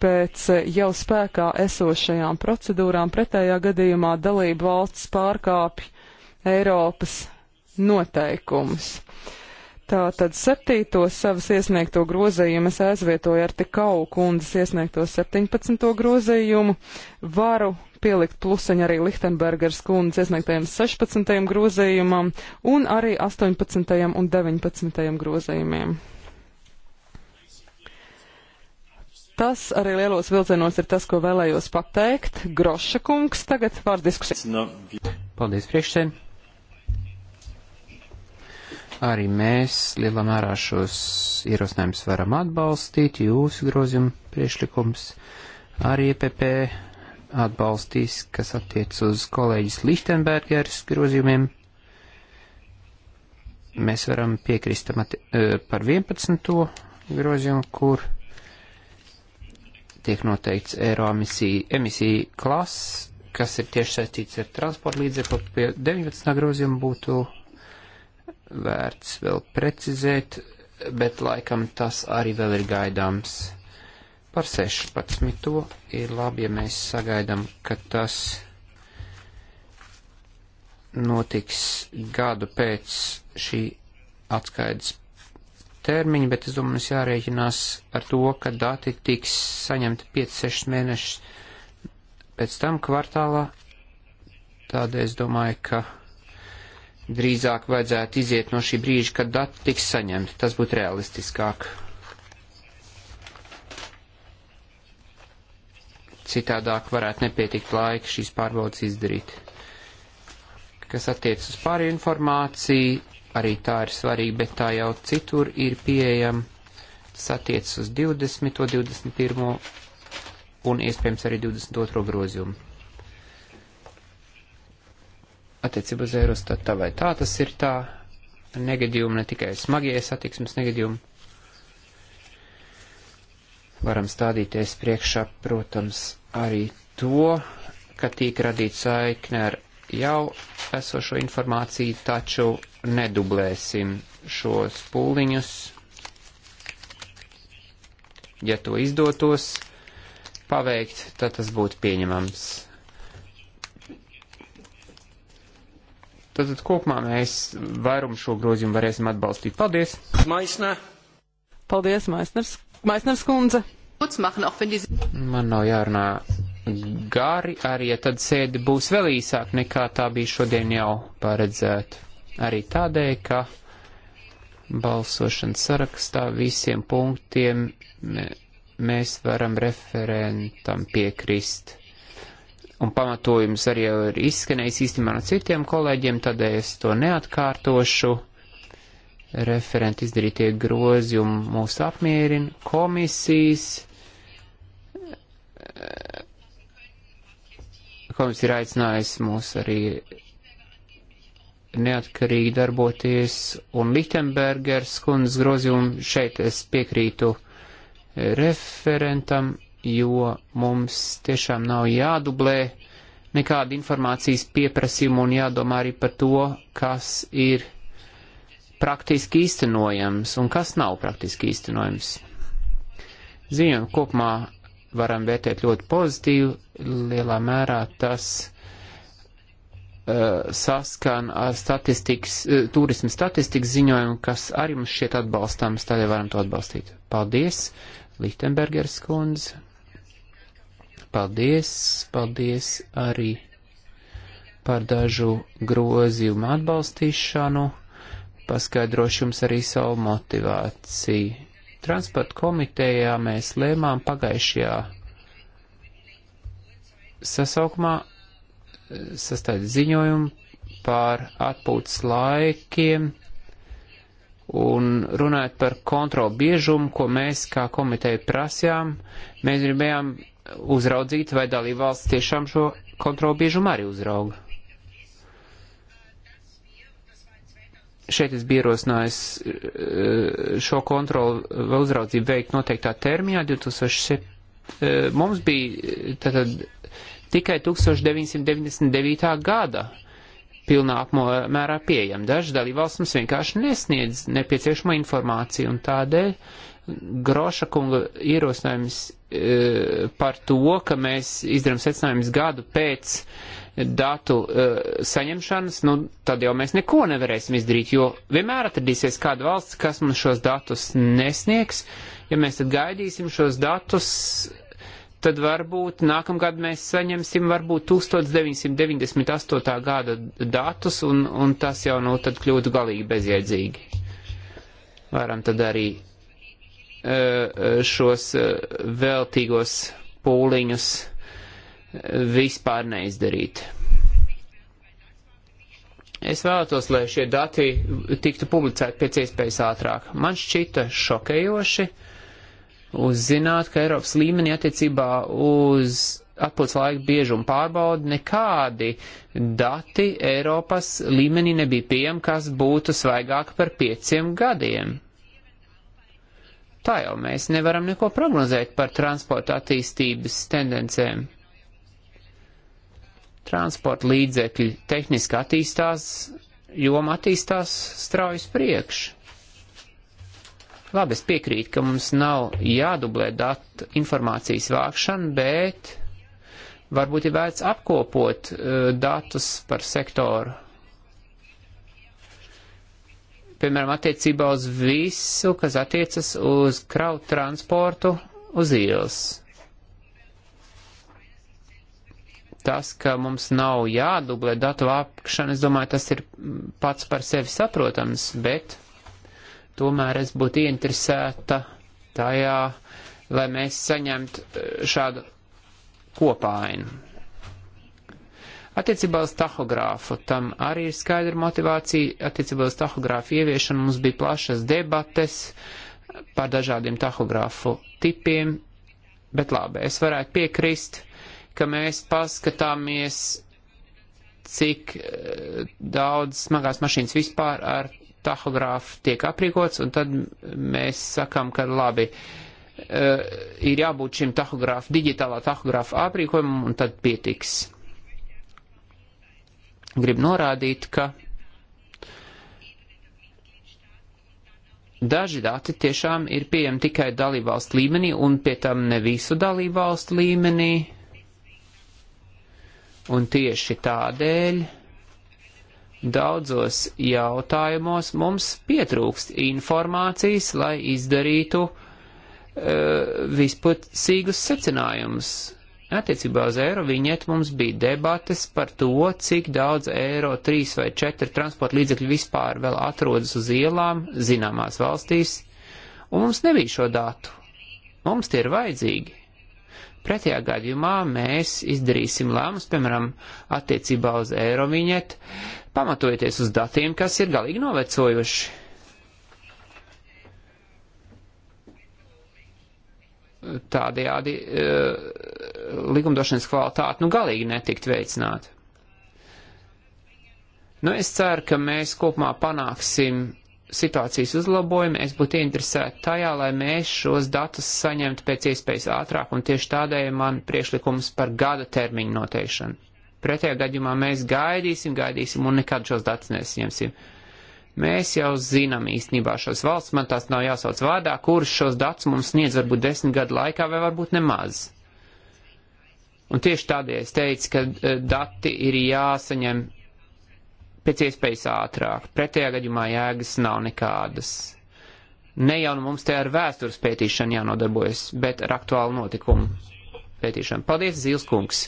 S1: pēc uh, jau spēkā esošajām procedūrām. Pretējā gadījumā dalību valsts pārkāpj Eiropas noteikumus. Uh, Tātad septīto savas iesniegto grozījumu es aizvietoju ar tikau kundzes iesniegto 17. grozījumu. Varu pielikt pluseņu arī Lichtenbergers kundzes iesniegtajam 16. grozījumam un arī 18. un 19. grozījumiem. Tas arī lielos vilcienos ir tas, ko vēlējos pateikt. Groša kungs tagad vārds diskusijas. Paldies priekšsēdētājiem.
S2: Arī mēs lielā mērā šos ierosinājumus varam atbalstīt, jūsu grozījumu priešlikums arī EPP atbalstīs, kas attiec uz kolēģis Lichtenbergeris grozījumiem. Mēs varam piekrist e, par 11. grozījumu, kur tiek noteikts eiro emisija, emisija klases, kas ir tieši saistīts ar transporta līdzekli, pie 19. grozījuma būtu vērts vēl precizēt, bet laikam tas arī vēl ir gaidāms. Par 16. ir labi, ja mēs sagaidām, ka tas notiks gadu pēc šī atskaides termiņa, bet es domāju, mums jārēķinās ar to, ka dati tiks saņemti 5-6 mēnešus pēc tam kvartālā. Tādēļ es domāju, ka drīzāk vajadzētu iziet no šī brīža, kad dati tiks saņemti. Tas būtu realistiskāk. Citādāk varētu nepietikt laika šīs pārbaudas izdarīt. Kas attiec uz pārējo informāciju, arī tā ir svarīga, bet tā jau citur ir pieejama. Tas attiec uz 20, 21 un iespējams arī 22 grozījumu attiecībā uz Eurostat tā vai tā, tas ir tā negadījumi, ne tikai smagie satiksmes negadījumi. Varam stādīties priekšā, protams, arī to, ka tiek radīta saikne ar jau esošo informāciju, taču nedublēsim šos pūliņus. Ja to izdotos paveikt, tad tas būtu pieņemams. Tātad kopumā mēs vairumu šo grozījumu varēsim atbalstīt. Paldies!
S1: Maisnē! Paldies, Maisners! Maisners kundze! Man
S2: nav jārunā gari, arī ja tad sēde būs vēl īsāk nekā tā bija šodien jau paredzēta. Arī tādēļ, ka balsošanas sarakstā visiem punktiem mēs varam referentam piekrist un pamatojums arī jau ir izskanējis īstenībā no citiem kolēģiem, tādēļ es to neatkārtošu. Referenti izdarītie grozījumi mūs apmierina. Komisijas. Komisija ir aicinājusi mūs arī neatkarīgi darboties, un Lichtenbergers kundzes grozījumu šeit es piekrītu referentam jo mums tiešām nav jādublē nekāda informācijas pieprasījuma un jādomā arī par to, kas ir praktiski īstenojams un kas nav praktiski īstenojams. Ziņojumu kopumā varam vērtēt ļoti pozitīvi, lielā mērā tas uh, saskan ar statistikas, uh, turismu statistikas ziņojumu, kas arī mums šķiet atbalstāms, tādēļ varam to atbalstīt. Paldies, Lichtenbergers kundze. Paldies, paldies arī par dažu grozījumu atbalstīšanu, paskaidrošu jums arī savu motivāciju. Transporta komitejā mēs lēmām pagājušajā sasaukumā eh, sastādīt ziņojumu par atpūtas laikiem un runājot par kontrolu biežumu, ko mēs kā komiteja prasījām, mēs gribējām uzraudzīt, vai dalībvalsts tiešām šo kontrolu biežumu arī uzrauga. Šeit es biju ierosinājis eh, šo kontrolu eh, vai uzraudzību veikt noteiktā termijā 2007. Eh, mums bija tātad tikai 1999. gada pilnā apmērā pieejama. Daži dalībvalsts mums vienkārši nesniedz nepieciešamo informāciju un tādēļ Groša kunga ierosinājums e, par to, ka mēs izdarām secinājumus gadu pēc datu e, saņemšanas, nu, tad jau mēs neko nevarēsim izdarīt, jo vienmēr atradīsies kāda valsts, kas mums šos datus nesniegs. Ja mēs tad gaidīsim šos datus, tad varbūt nākamgad mēs saņemsim varbūt 1998. gada datus, un, un tas jau, nu, tad kļūtu galīgi bezjēdzīgi. Varam tad arī šos veltīgos pūliņus vispār neizdarīt. Es vēlētos, lai šie dati tiktu publicēti pēc iespējas ātrāk. Man šķita šokējoši uzzināt, ka Eiropas līmenī attiecībā uz atpūtas laika biežumu pārbaudi nekādi dati Eiropas līmenī nebija pieejami, kas būtu svaigāki par pieciem gadiem. Tā jau mēs nevaram neko prognozēt par transporta attīstības tendencēm. Transporta līdzekļi tehniski attīstās, joma attīstās straujas priekš. Labi, es piekrītu, ka mums nav jādublē datu informācijas vākšana, bet varbūt ir vērts apkopot uh, datus par sektoru piemēram, attiecībā uz visu, kas attiecas uz kraut transportu uz ielas. Tas, ka mums nav jādublē datu vākšana, es domāju, tas ir pats par sevi saprotams, bet tomēr es būtu interesēta tajā, lai mēs saņemtu eh, šādu kopainu. Attiecībā uz tahogrāfu tam arī ir skaidra motivācija. Attiecībā uz tahogrāfu ieviešanu mums bija plašas debates par dažādiem tahogrāfu tipiem, bet labi, es varētu piekrist, ka mēs paskatāmies, cik eh, daudz smagās mašīnas vispār ar tahogrāfu tiek aprīkots, un tad mēs sakam, ka labi, uh, ir jābūt šim tahogrāfu, digitālā tahogrāfa aprīkojumam, un tad pietiks grib norādīt, ka daži dati tiešām ir pieejami tikai dalībvalstu līmenī un pie tam ne visu dalībvalstu līmenī. Un tieši tādēļ daudzos jautājumos mums pietrūkst informācijas, lai izdarītu uh, vispusīgus secinājumus. Attiecībā uz eiro viņiet mums bija debates par to, cik daudz eiro trīs vai četri transporta līdzekļi vispār vēl atrodas uz ielām zināmās valstīs, un mums nebija šo datu. Mums tie ir vajadzīgi. Pretējā gadījumā mēs izdarīsim lēmumus, piemēram, attiecībā uz eiro viņiet, pamatojoties uz datiem, kas ir galīgi novecojuši. tādējādi eh, likumdošanas kvalitāte nu galīgi netikt veicināta. Nu, es ceru, ka mēs kopumā panāksim situācijas uzlabojumu. Es būtu interesēta tajā, lai mēs šos datus saņemtu pēc iespējas ātrāk, un tieši tādēļ man priešlikums par gada termiņu noteikšanu. Pretējā gadījumā mēs gaidīsim, gaidīsim un nekad šos datus nesaņemsim. Mēs jau zinām īstenībā šos valsts, man tās nav jāsauc vārdā, kuras šos datus mums sniedz varbūt desmit gadu laikā vai varbūt nemaz. Un tieši tādēļ es teicu, ka eh, dati ir jāsaņem pēc iespējas ātrāk. Pretējā gadījumā jēgas nav nekādas. Ne jau nu mums te ar vēstures pētīšanu jānodarbojas, bet ar aktuālu notikumu pētīšanu. Paldies, Zīlskungs.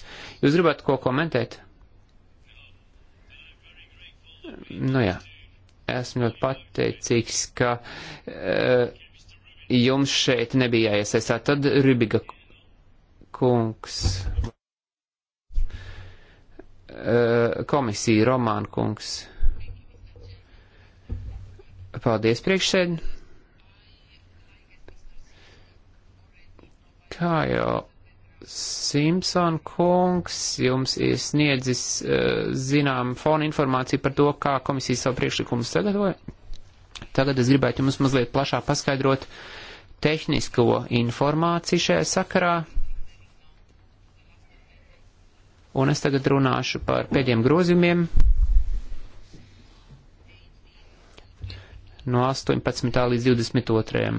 S2: Jūs gribat ko komentēt? Nu jā, esmu ļoti pateicīgs, ka uh, jums šeit nebija jāiesaistāt. Tad Rubiga kungs, eh, komisija Romāna kungs. Paldies priekšsēd. Kā jau Simpson kungs jums iesniedzis eh, zinām fona informāciju par to, kā komisija savu priekšlikumu sagatavoja. Tagad es gribētu jums mazliet plašāk paskaidrot tehnisko informāciju šajā sakarā. Un es tagad runāšu par pēdējiem grozījumiem no 18. līdz 22.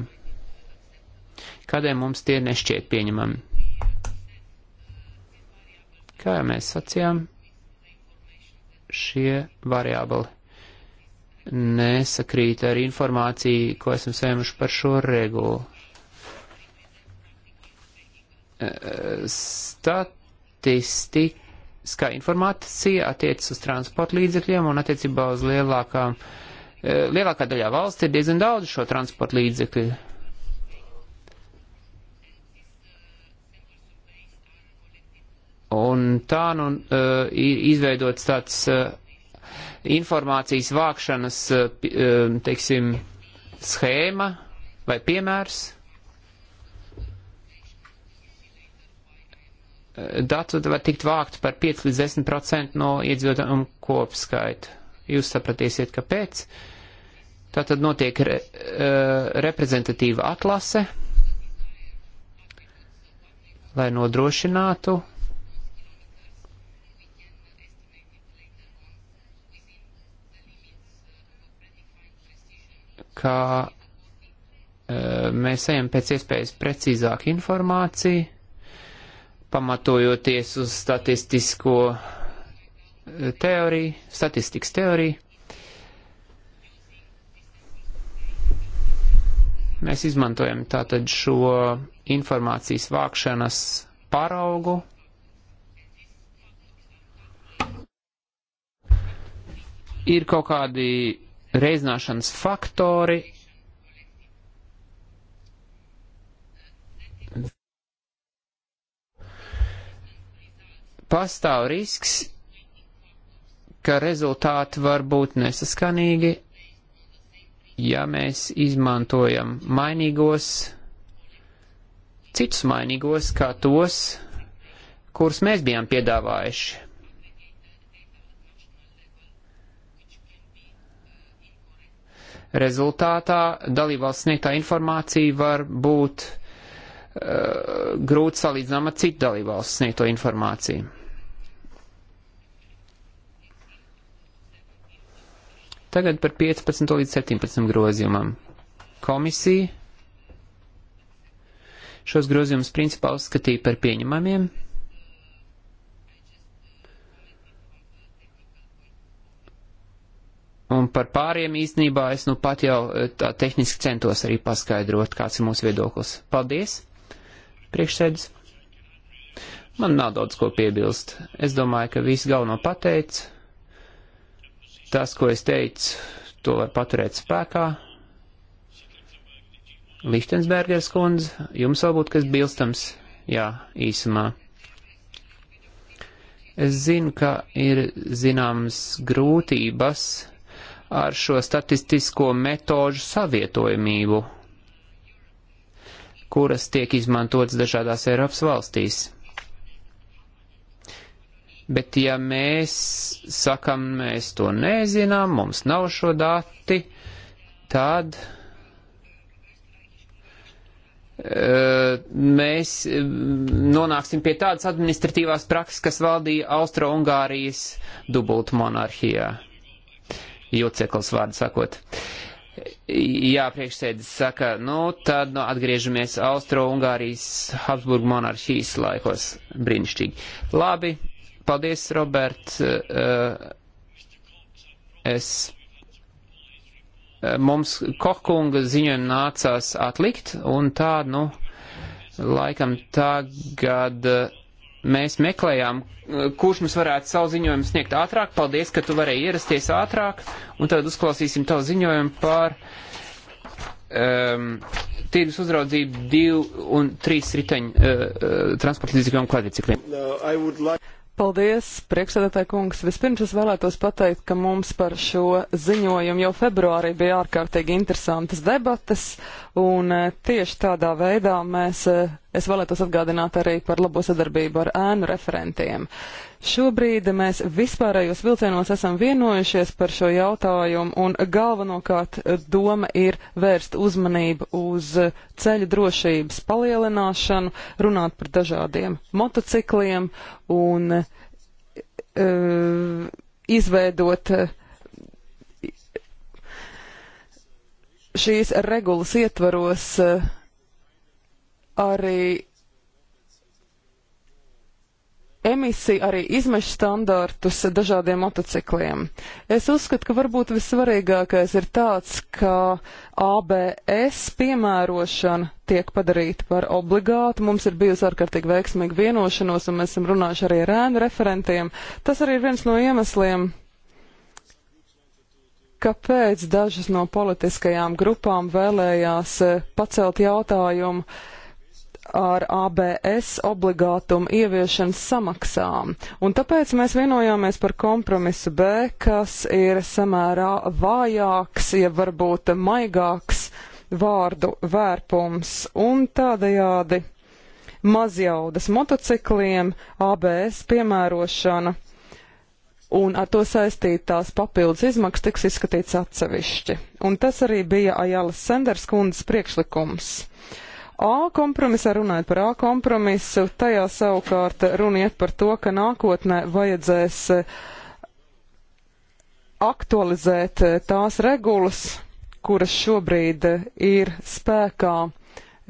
S2: Kādēļ mums tie nešķiet pieņemami? Kā jau mēs sacījām, šie variabli nesakrīt ar informāciju, ko esam saņēmuši par šo regulu. Eh, stat statistiskā informācija attiecas uz transporta līdzekļiem un attiecībā uz lielākām, eh, lielākā daļā valsts ir diezgan daudz šo transporta līdzekļu. Un tā nu uh, eh, ir izveidots tāds uh, informācijas vākšanas, uh, teiksim, schēma vai piemērs. datu var tikt vākt par 5 līdz 10% no iedzīvotāju kopskaita. Jūs sapratīsiet, kāpēc. Tā tad notiek re, e, reprezentatīva atlase, lai nodrošinātu, ka e, mēs ejam pēc iespējas precīzāk informāciju pamatojoties uz statistisko eh, teoriju, statistikas teoriju. Mēs izmantojam tātad šo informācijas vākšanas paraugu. Ir kaut kādi reizināšanas faktori, pastāv risks, ka rezultāti var būt nesaskanīgi, ja mēs izmantojam mainīgos, citus mainīgos, kā tos, kurus mēs bijām piedāvājuši. Rezultātā dalībvalsts sniegtā informācija var būt uh, grūti salīdzināma ar citu dalībvalsts sniegto informāciju. Tagad par 15 līdz 17 grozījumam. Komisija šos grozījumus principā uzskatīja par pieņemamiem. Un par pāriem īstenībā es nu pat jau eh, tā tehniski centos arī paskaidrot, kāds ir mūsu viedoklis. Paldies! Priekšsēdus! Man nav daudz ko piebilst. Es domāju, ka visu galveno pateicu. Tas, ko es teicu, to var paturēt spēkā. Lichtensbergers kundze, jums vēl būtu kas bilstams? Jā, īsumā. Es zinu, ka ir zināmas grūtības ar šo statistisko metožu savietojamību, kuras tiek izmantotas dažādās Eiropas valstīs. Bet ja mēs sakam, mēs to nezinām, mums nav šo dati, tad eh, mēs mm, nonāksim pie tādas administratīvās prakses, kas valdīja Austro-Ungārijas dubultmonarhijā. Jucekls vārdu sakot. Jā, priekšsēdis saka, nu tad nu, atgriežamies Austro-Ungārijas Habsburgu monarhijas laikos. Brīnišķīgi. Labi, Paldies, Robert. Eh, es eh, mums Kohkunga ziņojumu nācās atlikt, un tā, nu, laikam tagad eh, mēs meklējām, kurš mums varētu savu ziņojumu sniegt ātrāk. Paldies, ka tu varēji ierasties ātrāk, un tad uzklausīsim tavu ziņojumu par um, ehm, tīrgus uzraudzību divu un trīs riteņu uh, transporta līdzekļu un kvadricikliem.
S1: No, Paldies, priekšsēdētāji kungs. Vispirms es vēlētos pateikt, ka mums par šo ziņojumu jau februārī bija ārkārtīgi interesantas debatas, un eh, tieši tādā veidā mēs eh, Es vēlētos atgādināt arī par labo sadarbību ar ēnu referentiem. Šobrīd mēs vispārējos vilcienos esam vienojušies par šo jautājumu, un galvenokārt doma ir vērst uzmanību uz ceļu drošības palielināšanu, runāt par dažādiem motocikliem un uh, e, izveidot uh, šīs regulas ietvaros. Uh, arī emisiju, arī izmešu standartus dažādiem motocikliem. Es uzskatu, ka varbūt vissvarīgākais ir tāds, ka ABS piemērošana tiek padarīta par obligātu. Mums ir bijusi ārkārtīgi veiksmīga vienošanos, un mēs esam runājuši arī ar ēnu referentiem. Tas arī ir viens no iemesliem, kāpēc dažas no politiskajām grupām vēlējās eh, pacelt jautājumu ar ABS obligātumu ieviešanas samaksām. Un tāpēc mēs vienojāmies par kompromisu B, kas ir samērā vājāks, ja varbūt maigāks vārdu vērpums un tādajādi mazjaudas motocikliem ABS piemērošana un ar to saistītās papildus izmaksas tiks izskatīts atsevišķi. Un tas arī bija Ajala Senders kundzes priekšlikums. Uh, A kompromisā, runājot par A kompromisu, tajā savukārt runiet par to, ka nākotnē vajadzēs eh, aktualizēt eh, tās regulas, kuras šobrīd eh, ir spēkā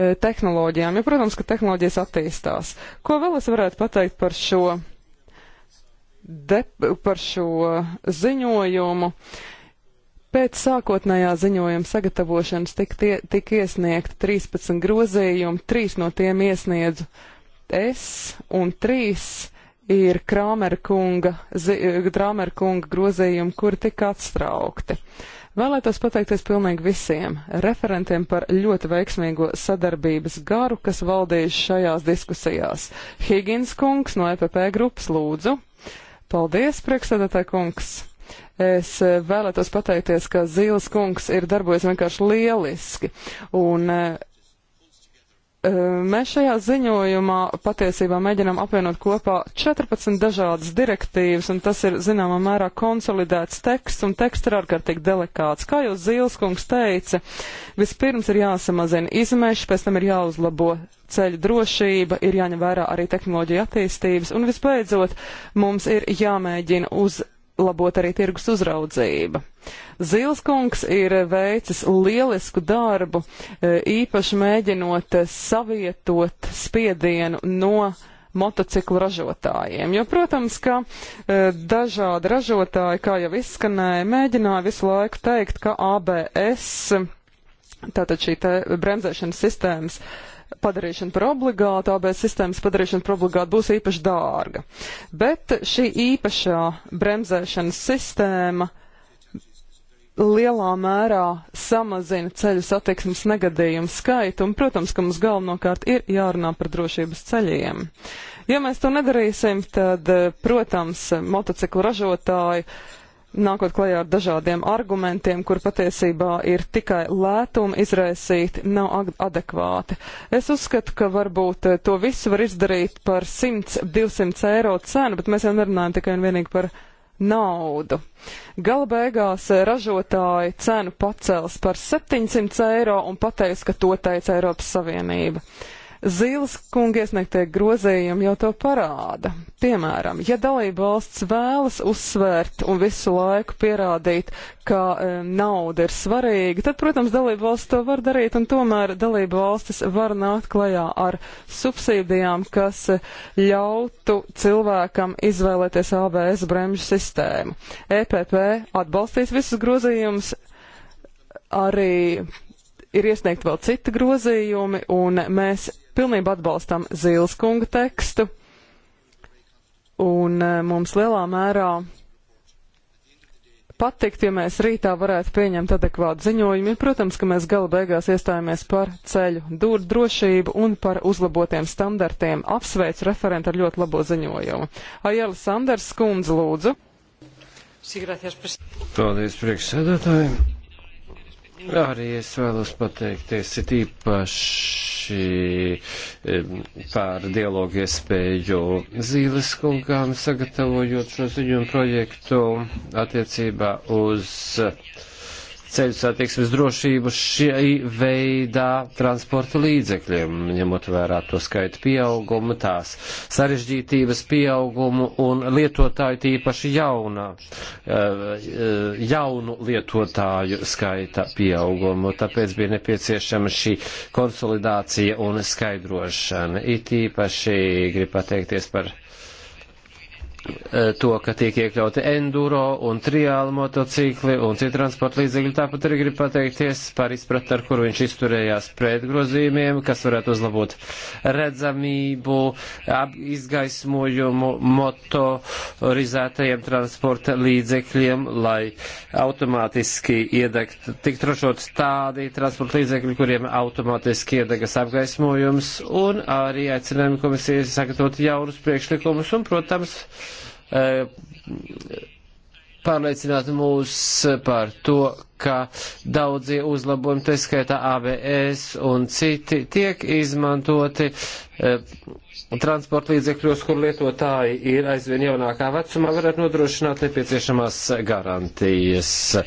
S1: tehnoloģijām, jo, protams, ka tehnoloģijas attīstās. Ko vēl es varētu pateikt par šo, de, par šo ziņojumu? Uh, Pēc sākotnējā ziņojuma sagatavošanas tika, tie, tika iesniegta 13 grozījumi, 3 no tiem iesniedzu es un 3 ir Krāmera kunga, Krāmera kunga grozījumi, kuri tika atstraukti. Vēlētos pateikties pilnīgi visiem referentiem par ļoti veiksmīgo sadarbības garu, kas valdījuši šajās diskusijās. Higgins kungs no EPP grupas lūdzu. Paldies, priekšsēdētāj kungs! Es vēlētos pateikties, ka Zīles kungs ir darbojies vienkārši lieliski. Un, eh, eh, Mēs šajā ziņojumā patiesībā mēģinām apvienot kopā 14 dažādas direktīvas, un tas ir zināmā mērā konsolidēts teksts, un teksts ir ārkārtīgi delikāts. Kā jau Zīleskungs teica, vispirms ir jāsamazina izmeši, pēc tam ir jāuzlabo ceļu drošība, ir jāņem vērā arī tehnoloģija attīstības, un visbeidzot mums ir jāmēģina uz uzlabot arī tirgus uzraudzība. Zilskungs ir veicis lielisku darbu, e, īpaši mēģinot savietot spiedienu no motociklu ražotājiem. Jo, protams, ka e, dažādi ražotāji, kā jau izskanēja, mēģināja visu laiku teikt, ka ABS, tātad šī bremzēšanas sistēmas, e, padarīšana par obligātu, ABS sistēmas padarīšana par obligātu būs īpaši dārga. Bet šī īpašā bremzēšanas sistēma lielā mērā samazina ceļu satiksmes negadījumu skaitu, un, protams, ka mums galvenokārt ir jārunā par drošības ceļiem. Ja mēs to nedarīsim, tad, protams, motociklu ražotāji uh, nākot klajā ar dažādiem argumentiem, kur patiesībā ir tikai lētumi izraisīti, nav adekvāti. Es uzskatu, ka varbūt eh, to visu var izdarīt par 100-200 eiro cenu, bet mēs jau nerunājam tikai un vienīgi par naudu. Gala beigās eh, ražotāji cenu pacels par 700 eiro un pateiks, ka to teica Eiropas Savienība. Zīles kunga iesniegtie grozējumi jau to parāda. Piemēram, ja dalība valsts vēlas uzsvērt un visu laiku pierādīt, ka e, nauda ir svarīga, tad, protams, dalība valsts to var darīt, un tomēr dalība valstis var nākt klajā ar subsīdijām, kas e, ļautu cilvēkam izvēlēties ABS bremžu sistēmu. EPP atbalstīs visus grozījumus, arī ir iesniegti vēl citi grozījumi, un mēs pilnībā atbalstam Zīleskunga tekstu, un eh, mums lielā mērā patikt, ja mēs rītā varētu pieņemt adekvātu ziņojumu, ja, protams, ka mēs gala beigās iestājāmies par ceļu dūru drošību un par uzlabotiem standartiem. Apsveicu referentu ar ļoti labo ziņojumu. Ajela Sanders, skundze, lūdzu.
S3: Paldies, priekšsēdētāji. Arī es vēlos pateikties it īpaši par dialogu iespēju Zīles kungām sagatavojot šo ziņu projektu attiecībā uz uh, ceļu satiksmes drošību šī veidā transporta līdzekļiem, ņemot vērā to skaitu pieaugumu, tās sarežģītības pieaugumu un lietotāju tīpaši jaunā, eh, jaunu lietotāju skaita pieaugumu. Tāpēc bija nepieciešama šī konsolidācija un skaidrošana. It īpaši grib pateikties par Eh, to, ka tiek iekļauti enduro un triāla motocikli un citi transporta līdzekļi. Tāpat arī grib pateikties par izpratni, ar kuru viņš izturējās pret grozījumiem, kas varētu uzlabot redzamību, izgaismojumu motorizētajiem transporta līdzekļiem, lai automātiski iedegt, tik trošot tādi transporta līdzekļi, kuriem automātiski iedegas apgaismojums, un arī aicinājumi komisijas sagatavot jaunus priekšlikumus, un, protams, Eh, pārliecināt mūs par to, ka daudzie uzlabojumi, tā skaitā ABS un citi, tiek izmantoti e, transporta līdzekļos, kur lietotāji ir aizvien jaunākā vecumā, varētu nodrošināt nepieciešamās garantijas. E,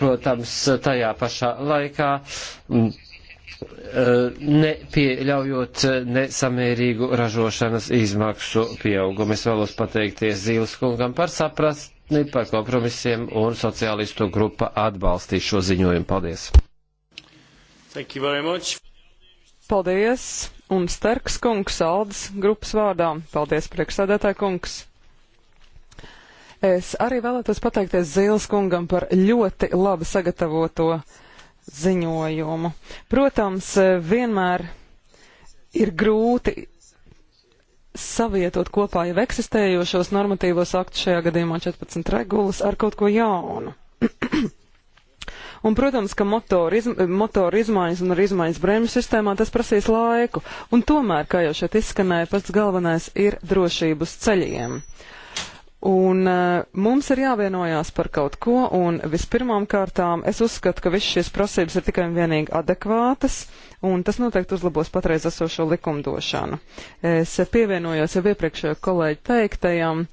S3: protams, tajā pašā laikā. M, nepieļaujot nesamērīgu ražošanas izmaksu pieaugumu. Es vēlos pateikties Zīles kungam par saprastni, par kompromisiem un sociālistu grupa atbalstīs šo ziņojumu. Paldies!
S1: Paldies! Un Sterks kungs, Aldis grupas vārdā. Paldies, priekšsēdētāj kungs! Es arī vēlētos pateikties Zīles kungam par ļoti labi sagatavoto ziņojumu. Protams, e, vienmēr ir grūti savietot kopā jau eksistējošos normatīvos aktus, šajā gadījumā 14 regulas, ar kaut ko jaunu. un, protams, ka motoru, iz, motoru izmaiņas un arī izmaiņas brēmju sistēmā tas prasīs laiku, un tomēr, kā jau šeit izskanēja, pats galvenais ir drošības ceļiem. Uh, Un uh, mums ir jāvienojās par kaut ko, un vispirmām kārtām es uzskatu, ka viss šīs prasības ir tikai un vienīgi adekvātas, un tas noteikti uzlabos patreiz esošo likumdošanu. Es pievienojos jau iepriekšējo kolēģi teiktajam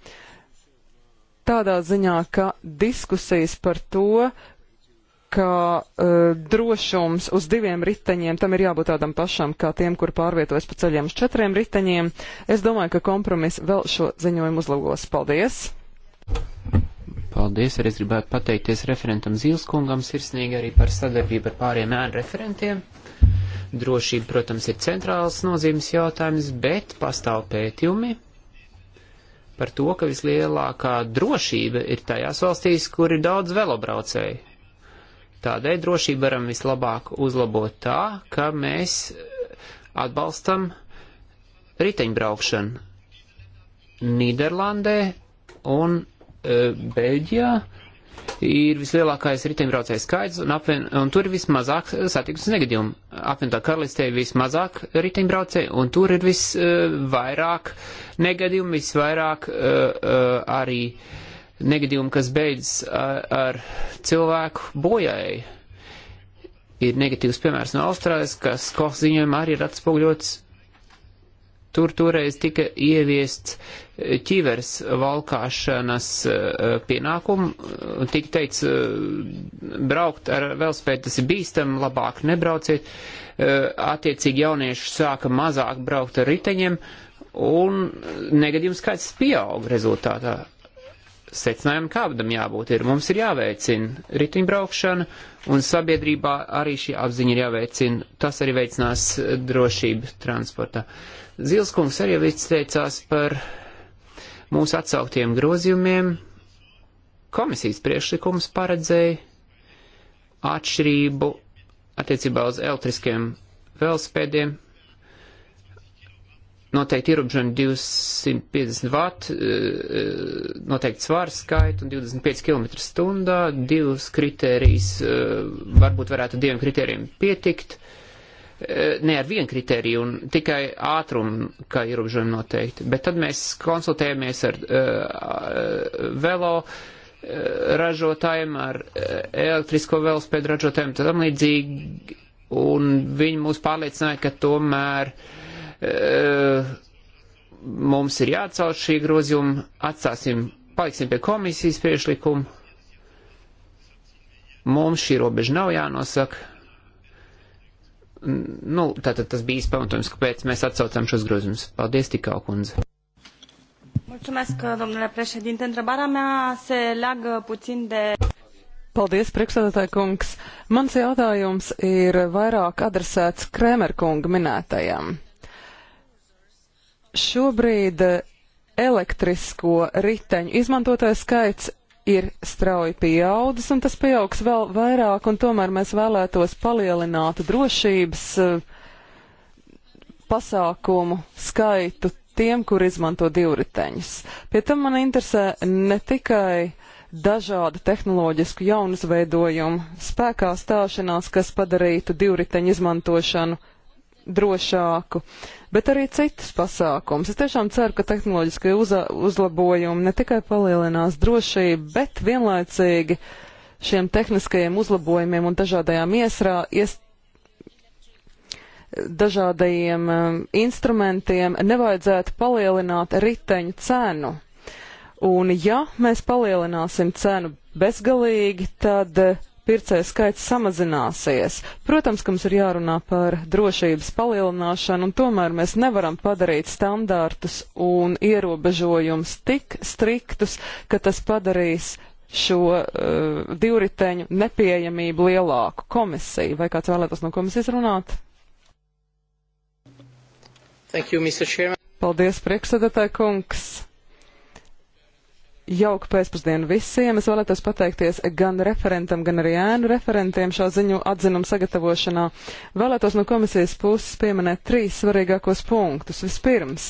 S1: tādā ziņā, ka diskusijas par to, ka uh, drošums uz diviem riteņiem tam ir jābūt tādam pašam, kā tiem, kur pārvietojas pa ceļiem uz četriem riteņiem. Es domāju, ka kompromis vēl šo ziņojumu uzlabos. Paldies!
S2: Paldies, arī es gribētu pateikties referentam Zīleskungam sirsnīgi arī par sadarbību ar pāriem ēnu referentiem. Drošība, protams, ir centrāls nozīmes jautājums, bet pastāv pētījumi, par to, ka vislielākā drošība ir tajās valstīs, kur ir daudz velobraucēju. Tādēļ drošību varam vislabāk uzlabot tā, ka mēs atbalstam riteņbraukšanu Nīderlandē un e, Beļģijā ir vislielākais riteņbraucēju skaits, un, apvien, un tur ir vismazāk satiksmes negadījumu. Apvienotā karalistē ir vismazāk riteņbraucēju, un tur ir visvairāk e, negadījumu, visvairāk uh, uh, arī uh, negadījumi, kas beidzas ar, ar cilvēku bojai. Ir negatīvs piemērs no Austrālijas, kas Koch ziņojumā arī ir atspogļots. Tur toreiz tika ieviests eh, ķivers valkāšanas eh, pienākumu. Tik teic, eh, braukt ar velospēdu tas ir bīstam, labāk nebrauciet. Attiecīgi jaunieši sāka mazāk braukt ar riteņiem un negadījums skaits pieauga rezultātā secinājumam kādam jābūt ir. Mums ir jāveicina riteņbraukšana un sabiedrībā arī šī apziņa ir jāveicina. Tas arī veicinās drošību transportā. Zilskungs arī jau izteicās par mūsu atsauktiem grozījumiem. Komisijas priekšlikums paredzēja atšķirību attiecībā uz elektriskiem velospēdiem noteikti ierobežojumi 250 W, noteikti svāra skaitu un 25 km stundā, divas kritērijas, eh, varbūt varētu diviem kritērijiem pietikt, eh, ne ar vienu kritēriju un tikai ātrumu, kā ierobežojumi noteikti, bet tad mēs konsultējamies ar eh, velo ražotājiem, ar elektrisko velospēdu ražotājiem, tam līdzīgi, un viņi mūs pārliecināja, ka tomēr uh, Mums ir jāatcauc šī grozījuma, atstāsim, paliksim pie komisijas priešlikuma. Mums šī robeža nav jānosaka. Nu, tātad tas bija izpamatojums, kāpēc mēs atsaucam šos grozījumus. Paldies, tikā kundze.
S3: Mulțumesc, domnule președinte. Întrebarea mea se leagă puțin de...
S1: Paldies, priekšsēdētāji kungs. Mans jautājums ir vairāk adresēts Krēmerkunga minētajam. Šobrīd eh, elektrisko riteņu izmantotājs skaits ir strauji pieaudzis, un tas pieaugs vēl vairāk, un tomēr mēs vēlētos palielināt drošības eh, pasākumu skaitu tiem, kur izmanto divriteņus. Pie tam man interesē ne tikai dažādu tehnoloģisku jaunuzveidojumu spēkā stāšanās, kas padarītu divriteņu izmantošanu drošāku, bet arī citus pasākumus. Es tiešām ceru, ka tehnoloģiskie uzlabojumi ne tikai palielinās drošību, bet vienlaicīgi šiem tehniskajiem uzlabojumiem un dažādajām iesrā, ies, dažādajiem um, instrumentiem nevajadzētu palielināt riteņu cenu. Un ja mēs palielināsim cenu bezgalīgi, tad uh, pircēju skaits samazināsies. Protams, ka mums ir jārunā par drošības palielināšanu, un tomēr mēs nevaram padarīt standārtus un ierobežojumus tik striktus, ka tas padarīs šo uh, divriteņu nepieejamību lielāku komisiju. Vai kāds vēlētos no komisijas runāt? Thank you, Mr. Chairman. Paldies, priekšsēdētāji kungs. Jauka pēcpusdiena visiem. Es vēlētos pateikties gan referentam, gan arī ēnu referentiem šā ziņu atzinumu sagatavošanā. Vēlētos no komisijas puses pieminēt trīs svarīgākos punktus. Vispirms,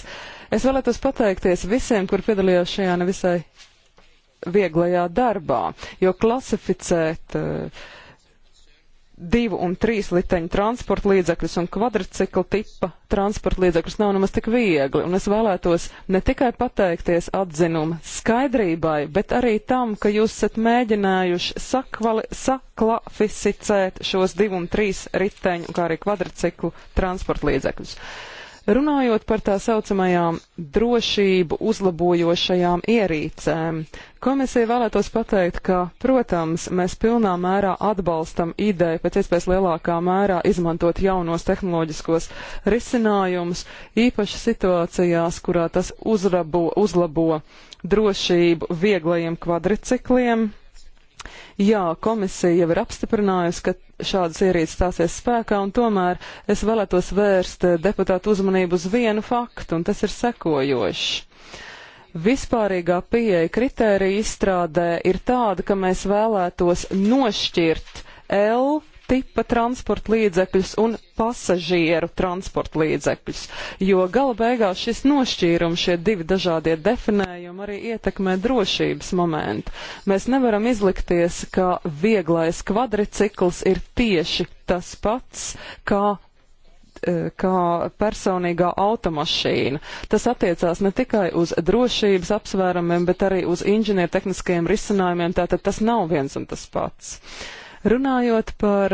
S1: es vēlētos pateikties visiem, kur piedalījās šajā nevisai vieglajā darbā, jo klasificēt uh, divu un trīs liteņu transporta līdzekļus un kvadrcikla tipa transporta līdzekļus nav nemaz tik viegli. Un es vēlētos ne tikai pateikties atzinuma skaidrībai, bet arī tam, ka jūs esat mēģinājuši sakvali, saklaficicēt šos divu un trīs riteņu, kā arī kvadrciklu transporta līdzekļus. Uh, Runājot par tā saucamajām drošību uzlabojošajām ierīcēm, komisija vēlētos pateikt, ka, protams, mēs pilnā mērā atbalstam ideju pēc iespējas lielākā mērā izmantot jaunos tehnoloģiskos risinājumus, īpaši situācijās, kurā tas uzrabo, uzlabo drošību vieglajiem kvadricikliem Jā, komisija jau ir apstiprinājusi, ka šādas ierīces stāsies spēkā, un tomēr es vēlētos vērst eh, deputātu uzmanību uz vienu faktu, un tas ir sekojošs. Vispārīgā pieeja kritērija izstrādē ir tāda, ka mēs vēlētos nošķirt L tipa transporta līdzekļus un pasažieru transporta līdzekļus, jo gala beigās šis nošķīrums, šie divi dažādie definējumi arī ietekmē drošības momentu. Mēs nevaram izlikties, ka vieglais kvadricikls ir tieši tas pats, kā e, kā personīgā automašīna. Tas attiecās ne tikai uz drošības apsvērumiem, bet arī uz inženiertehniskajiem risinājumiem, tātad tas nav viens un tas pats. Uh, Runājot par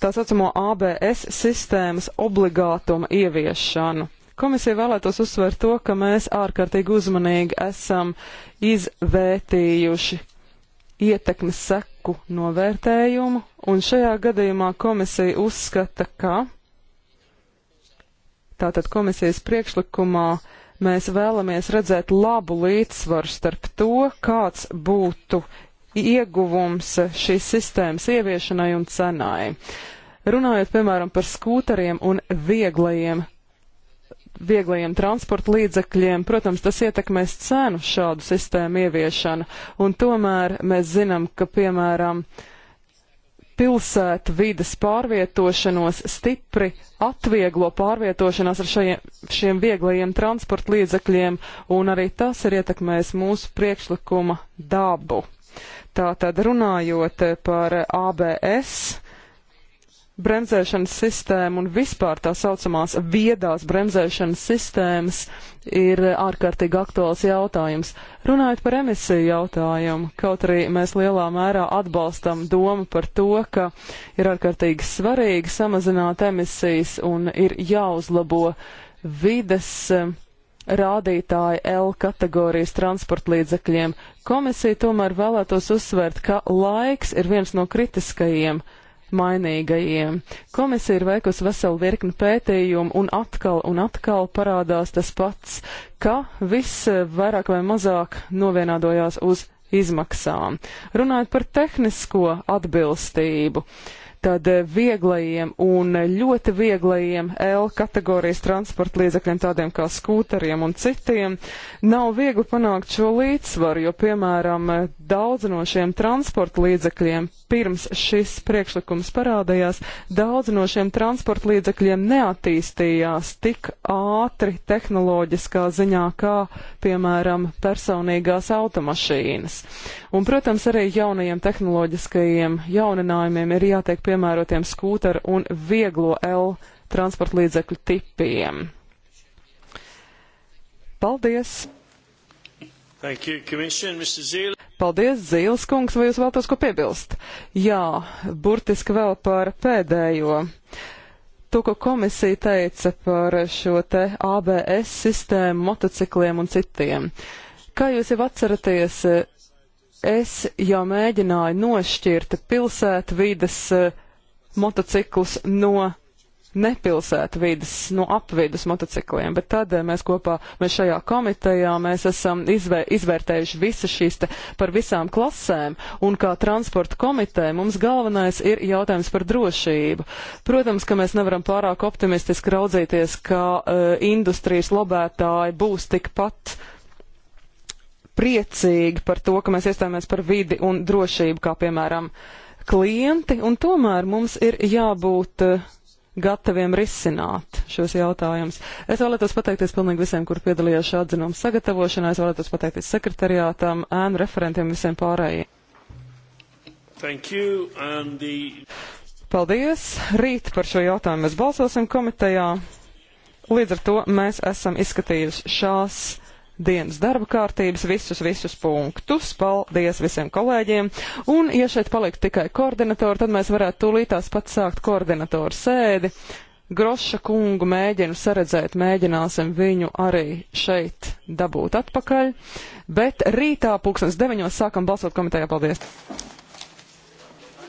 S1: tā saucamo ABS sistēmas obligātuma ieviešanu. Komisija vēlētos uzsvērt to, ka mēs ārkārtīgi uzmanīgi esam izvērtījuši ietekmes seku novērtējumu, un šajā gadījumā komisija uzskata, ka tātad komisijas priekšlikumā uh, Mēs vēlamies redzēt labu līdzsvaru starp to, kāds būtu ieguvums šīs sistēmas ieviešanai un cenai. Runājot, piemēram, par skūteriem un vieglajiem vieglajiem transporta līdzekļiem. Protams, tas ietekmēs cenu šādu sistēmu ieviešanu, un tomēr mēs zinām, ka, piemēram, uh, pilsētu vidas pārvietošanos stipri atvieglo pārvietošanās ar šajiem, šiem vieglajiem transporta līdzekļiem, un arī tas ir ietekmējis mūsu priekšlikuma dabu. Tātad runājot par ABS, bremzēšanas sistēma un vispār tā saucamās viedās bremzēšanas sistēmas ir ārkārtīgi aktuāls jautājums. Runājot par emisiju jautājumu, kaut arī mēs lielā mērā atbalstam domu par to, ka ir ārkārtīgi svarīgi samazināt emisijas un ir jāuzlabo vides eh, rādītāji L kategorijas transportlīdzekļiem. Komisija tomēr vēlētos uzsvērt, ka laiks ir viens no kritiskajiem uh, mainīgajiem. Komisija ir veikusi veselu virkni pētījumu un atkal un atkal parādās tas pats, ka viss vairāk vai mazāk novienādojās uz izmaksām. Runājot par tehnisko atbilstību, tad vieglajiem un ļoti vieglajiem L kategorijas transporta līdzekļiem, tādiem kā skūteriem un citiem, nav viegli panākt šo līdzsvaru, jo, piemēram, daudz no šiem transporta līdzekļiem pirms šis priekšlikums parādījās, daudz no šiem transporta līdzekļiem neattīstījās tik ātri tehnoloģiskā ziņā, kā, piemēram, personīgās automašīnas. Un, protams, arī jaunajiem tehnoloģiskajiem jauninājumiem ir jātiek piemērotiem skūteru un vieglo L transporta līdzekļu tipiem. Paldies! You, Paldies, Zīles kungs, vai jūs vēlaties ko piebilst? Jā, burtiski vēl par pēdējo. To, ko komisija teica par šo te ABS sistēmu motocikliem un citiem. Kā jūs jau atceraties, es jau mēģināju nošķirt pilsētu vides eh, motociklus no nepilsētu vidas, no nu, apvidus motocikliem, bet tad eh, mēs kopā, mēs šajā komitejā, mēs esam izvē, izvērtējuši visas šīs te par visām klasēm, un kā transporta komiteja mums galvenais ir jautājums par drošību. Protams, ka mēs nevaram pārāk optimistiski raudzīties, ka uh, industrijas lobētāji būs tikpat priecīgi par to, ka mēs iestājāmies par vidi un drošību, kā piemēram klienti, un tomēr mums ir jābūt uh, gataviem risināt šos jautājumus. Es vēlētos pateikties pilnīgi visiem, kur piedalījās šā atzinuma sagatavošanā. Es vēlētos pateikties sekretariātam, ēnu referentiem, visiem pārējiem. Thank you, and the... Paldies! Rīt par šo jautājumu mēs balsosim komitejā. Līdz ar to mēs esam izskatījuši šās dienas darba kārtības visus, visus punktus. Paldies visiem kolēģiem. Un, ja šeit paliktu tikai koordinatori, tad mēs varētu tūlītās pat sākt koordinatoru sēdi. Groša kungu mēģinu saredzēt, mēģināsim viņu arī šeit dabūt atpakaļ, bet rītā pulkstens deviņos sākam balsot komitejā. Paldies!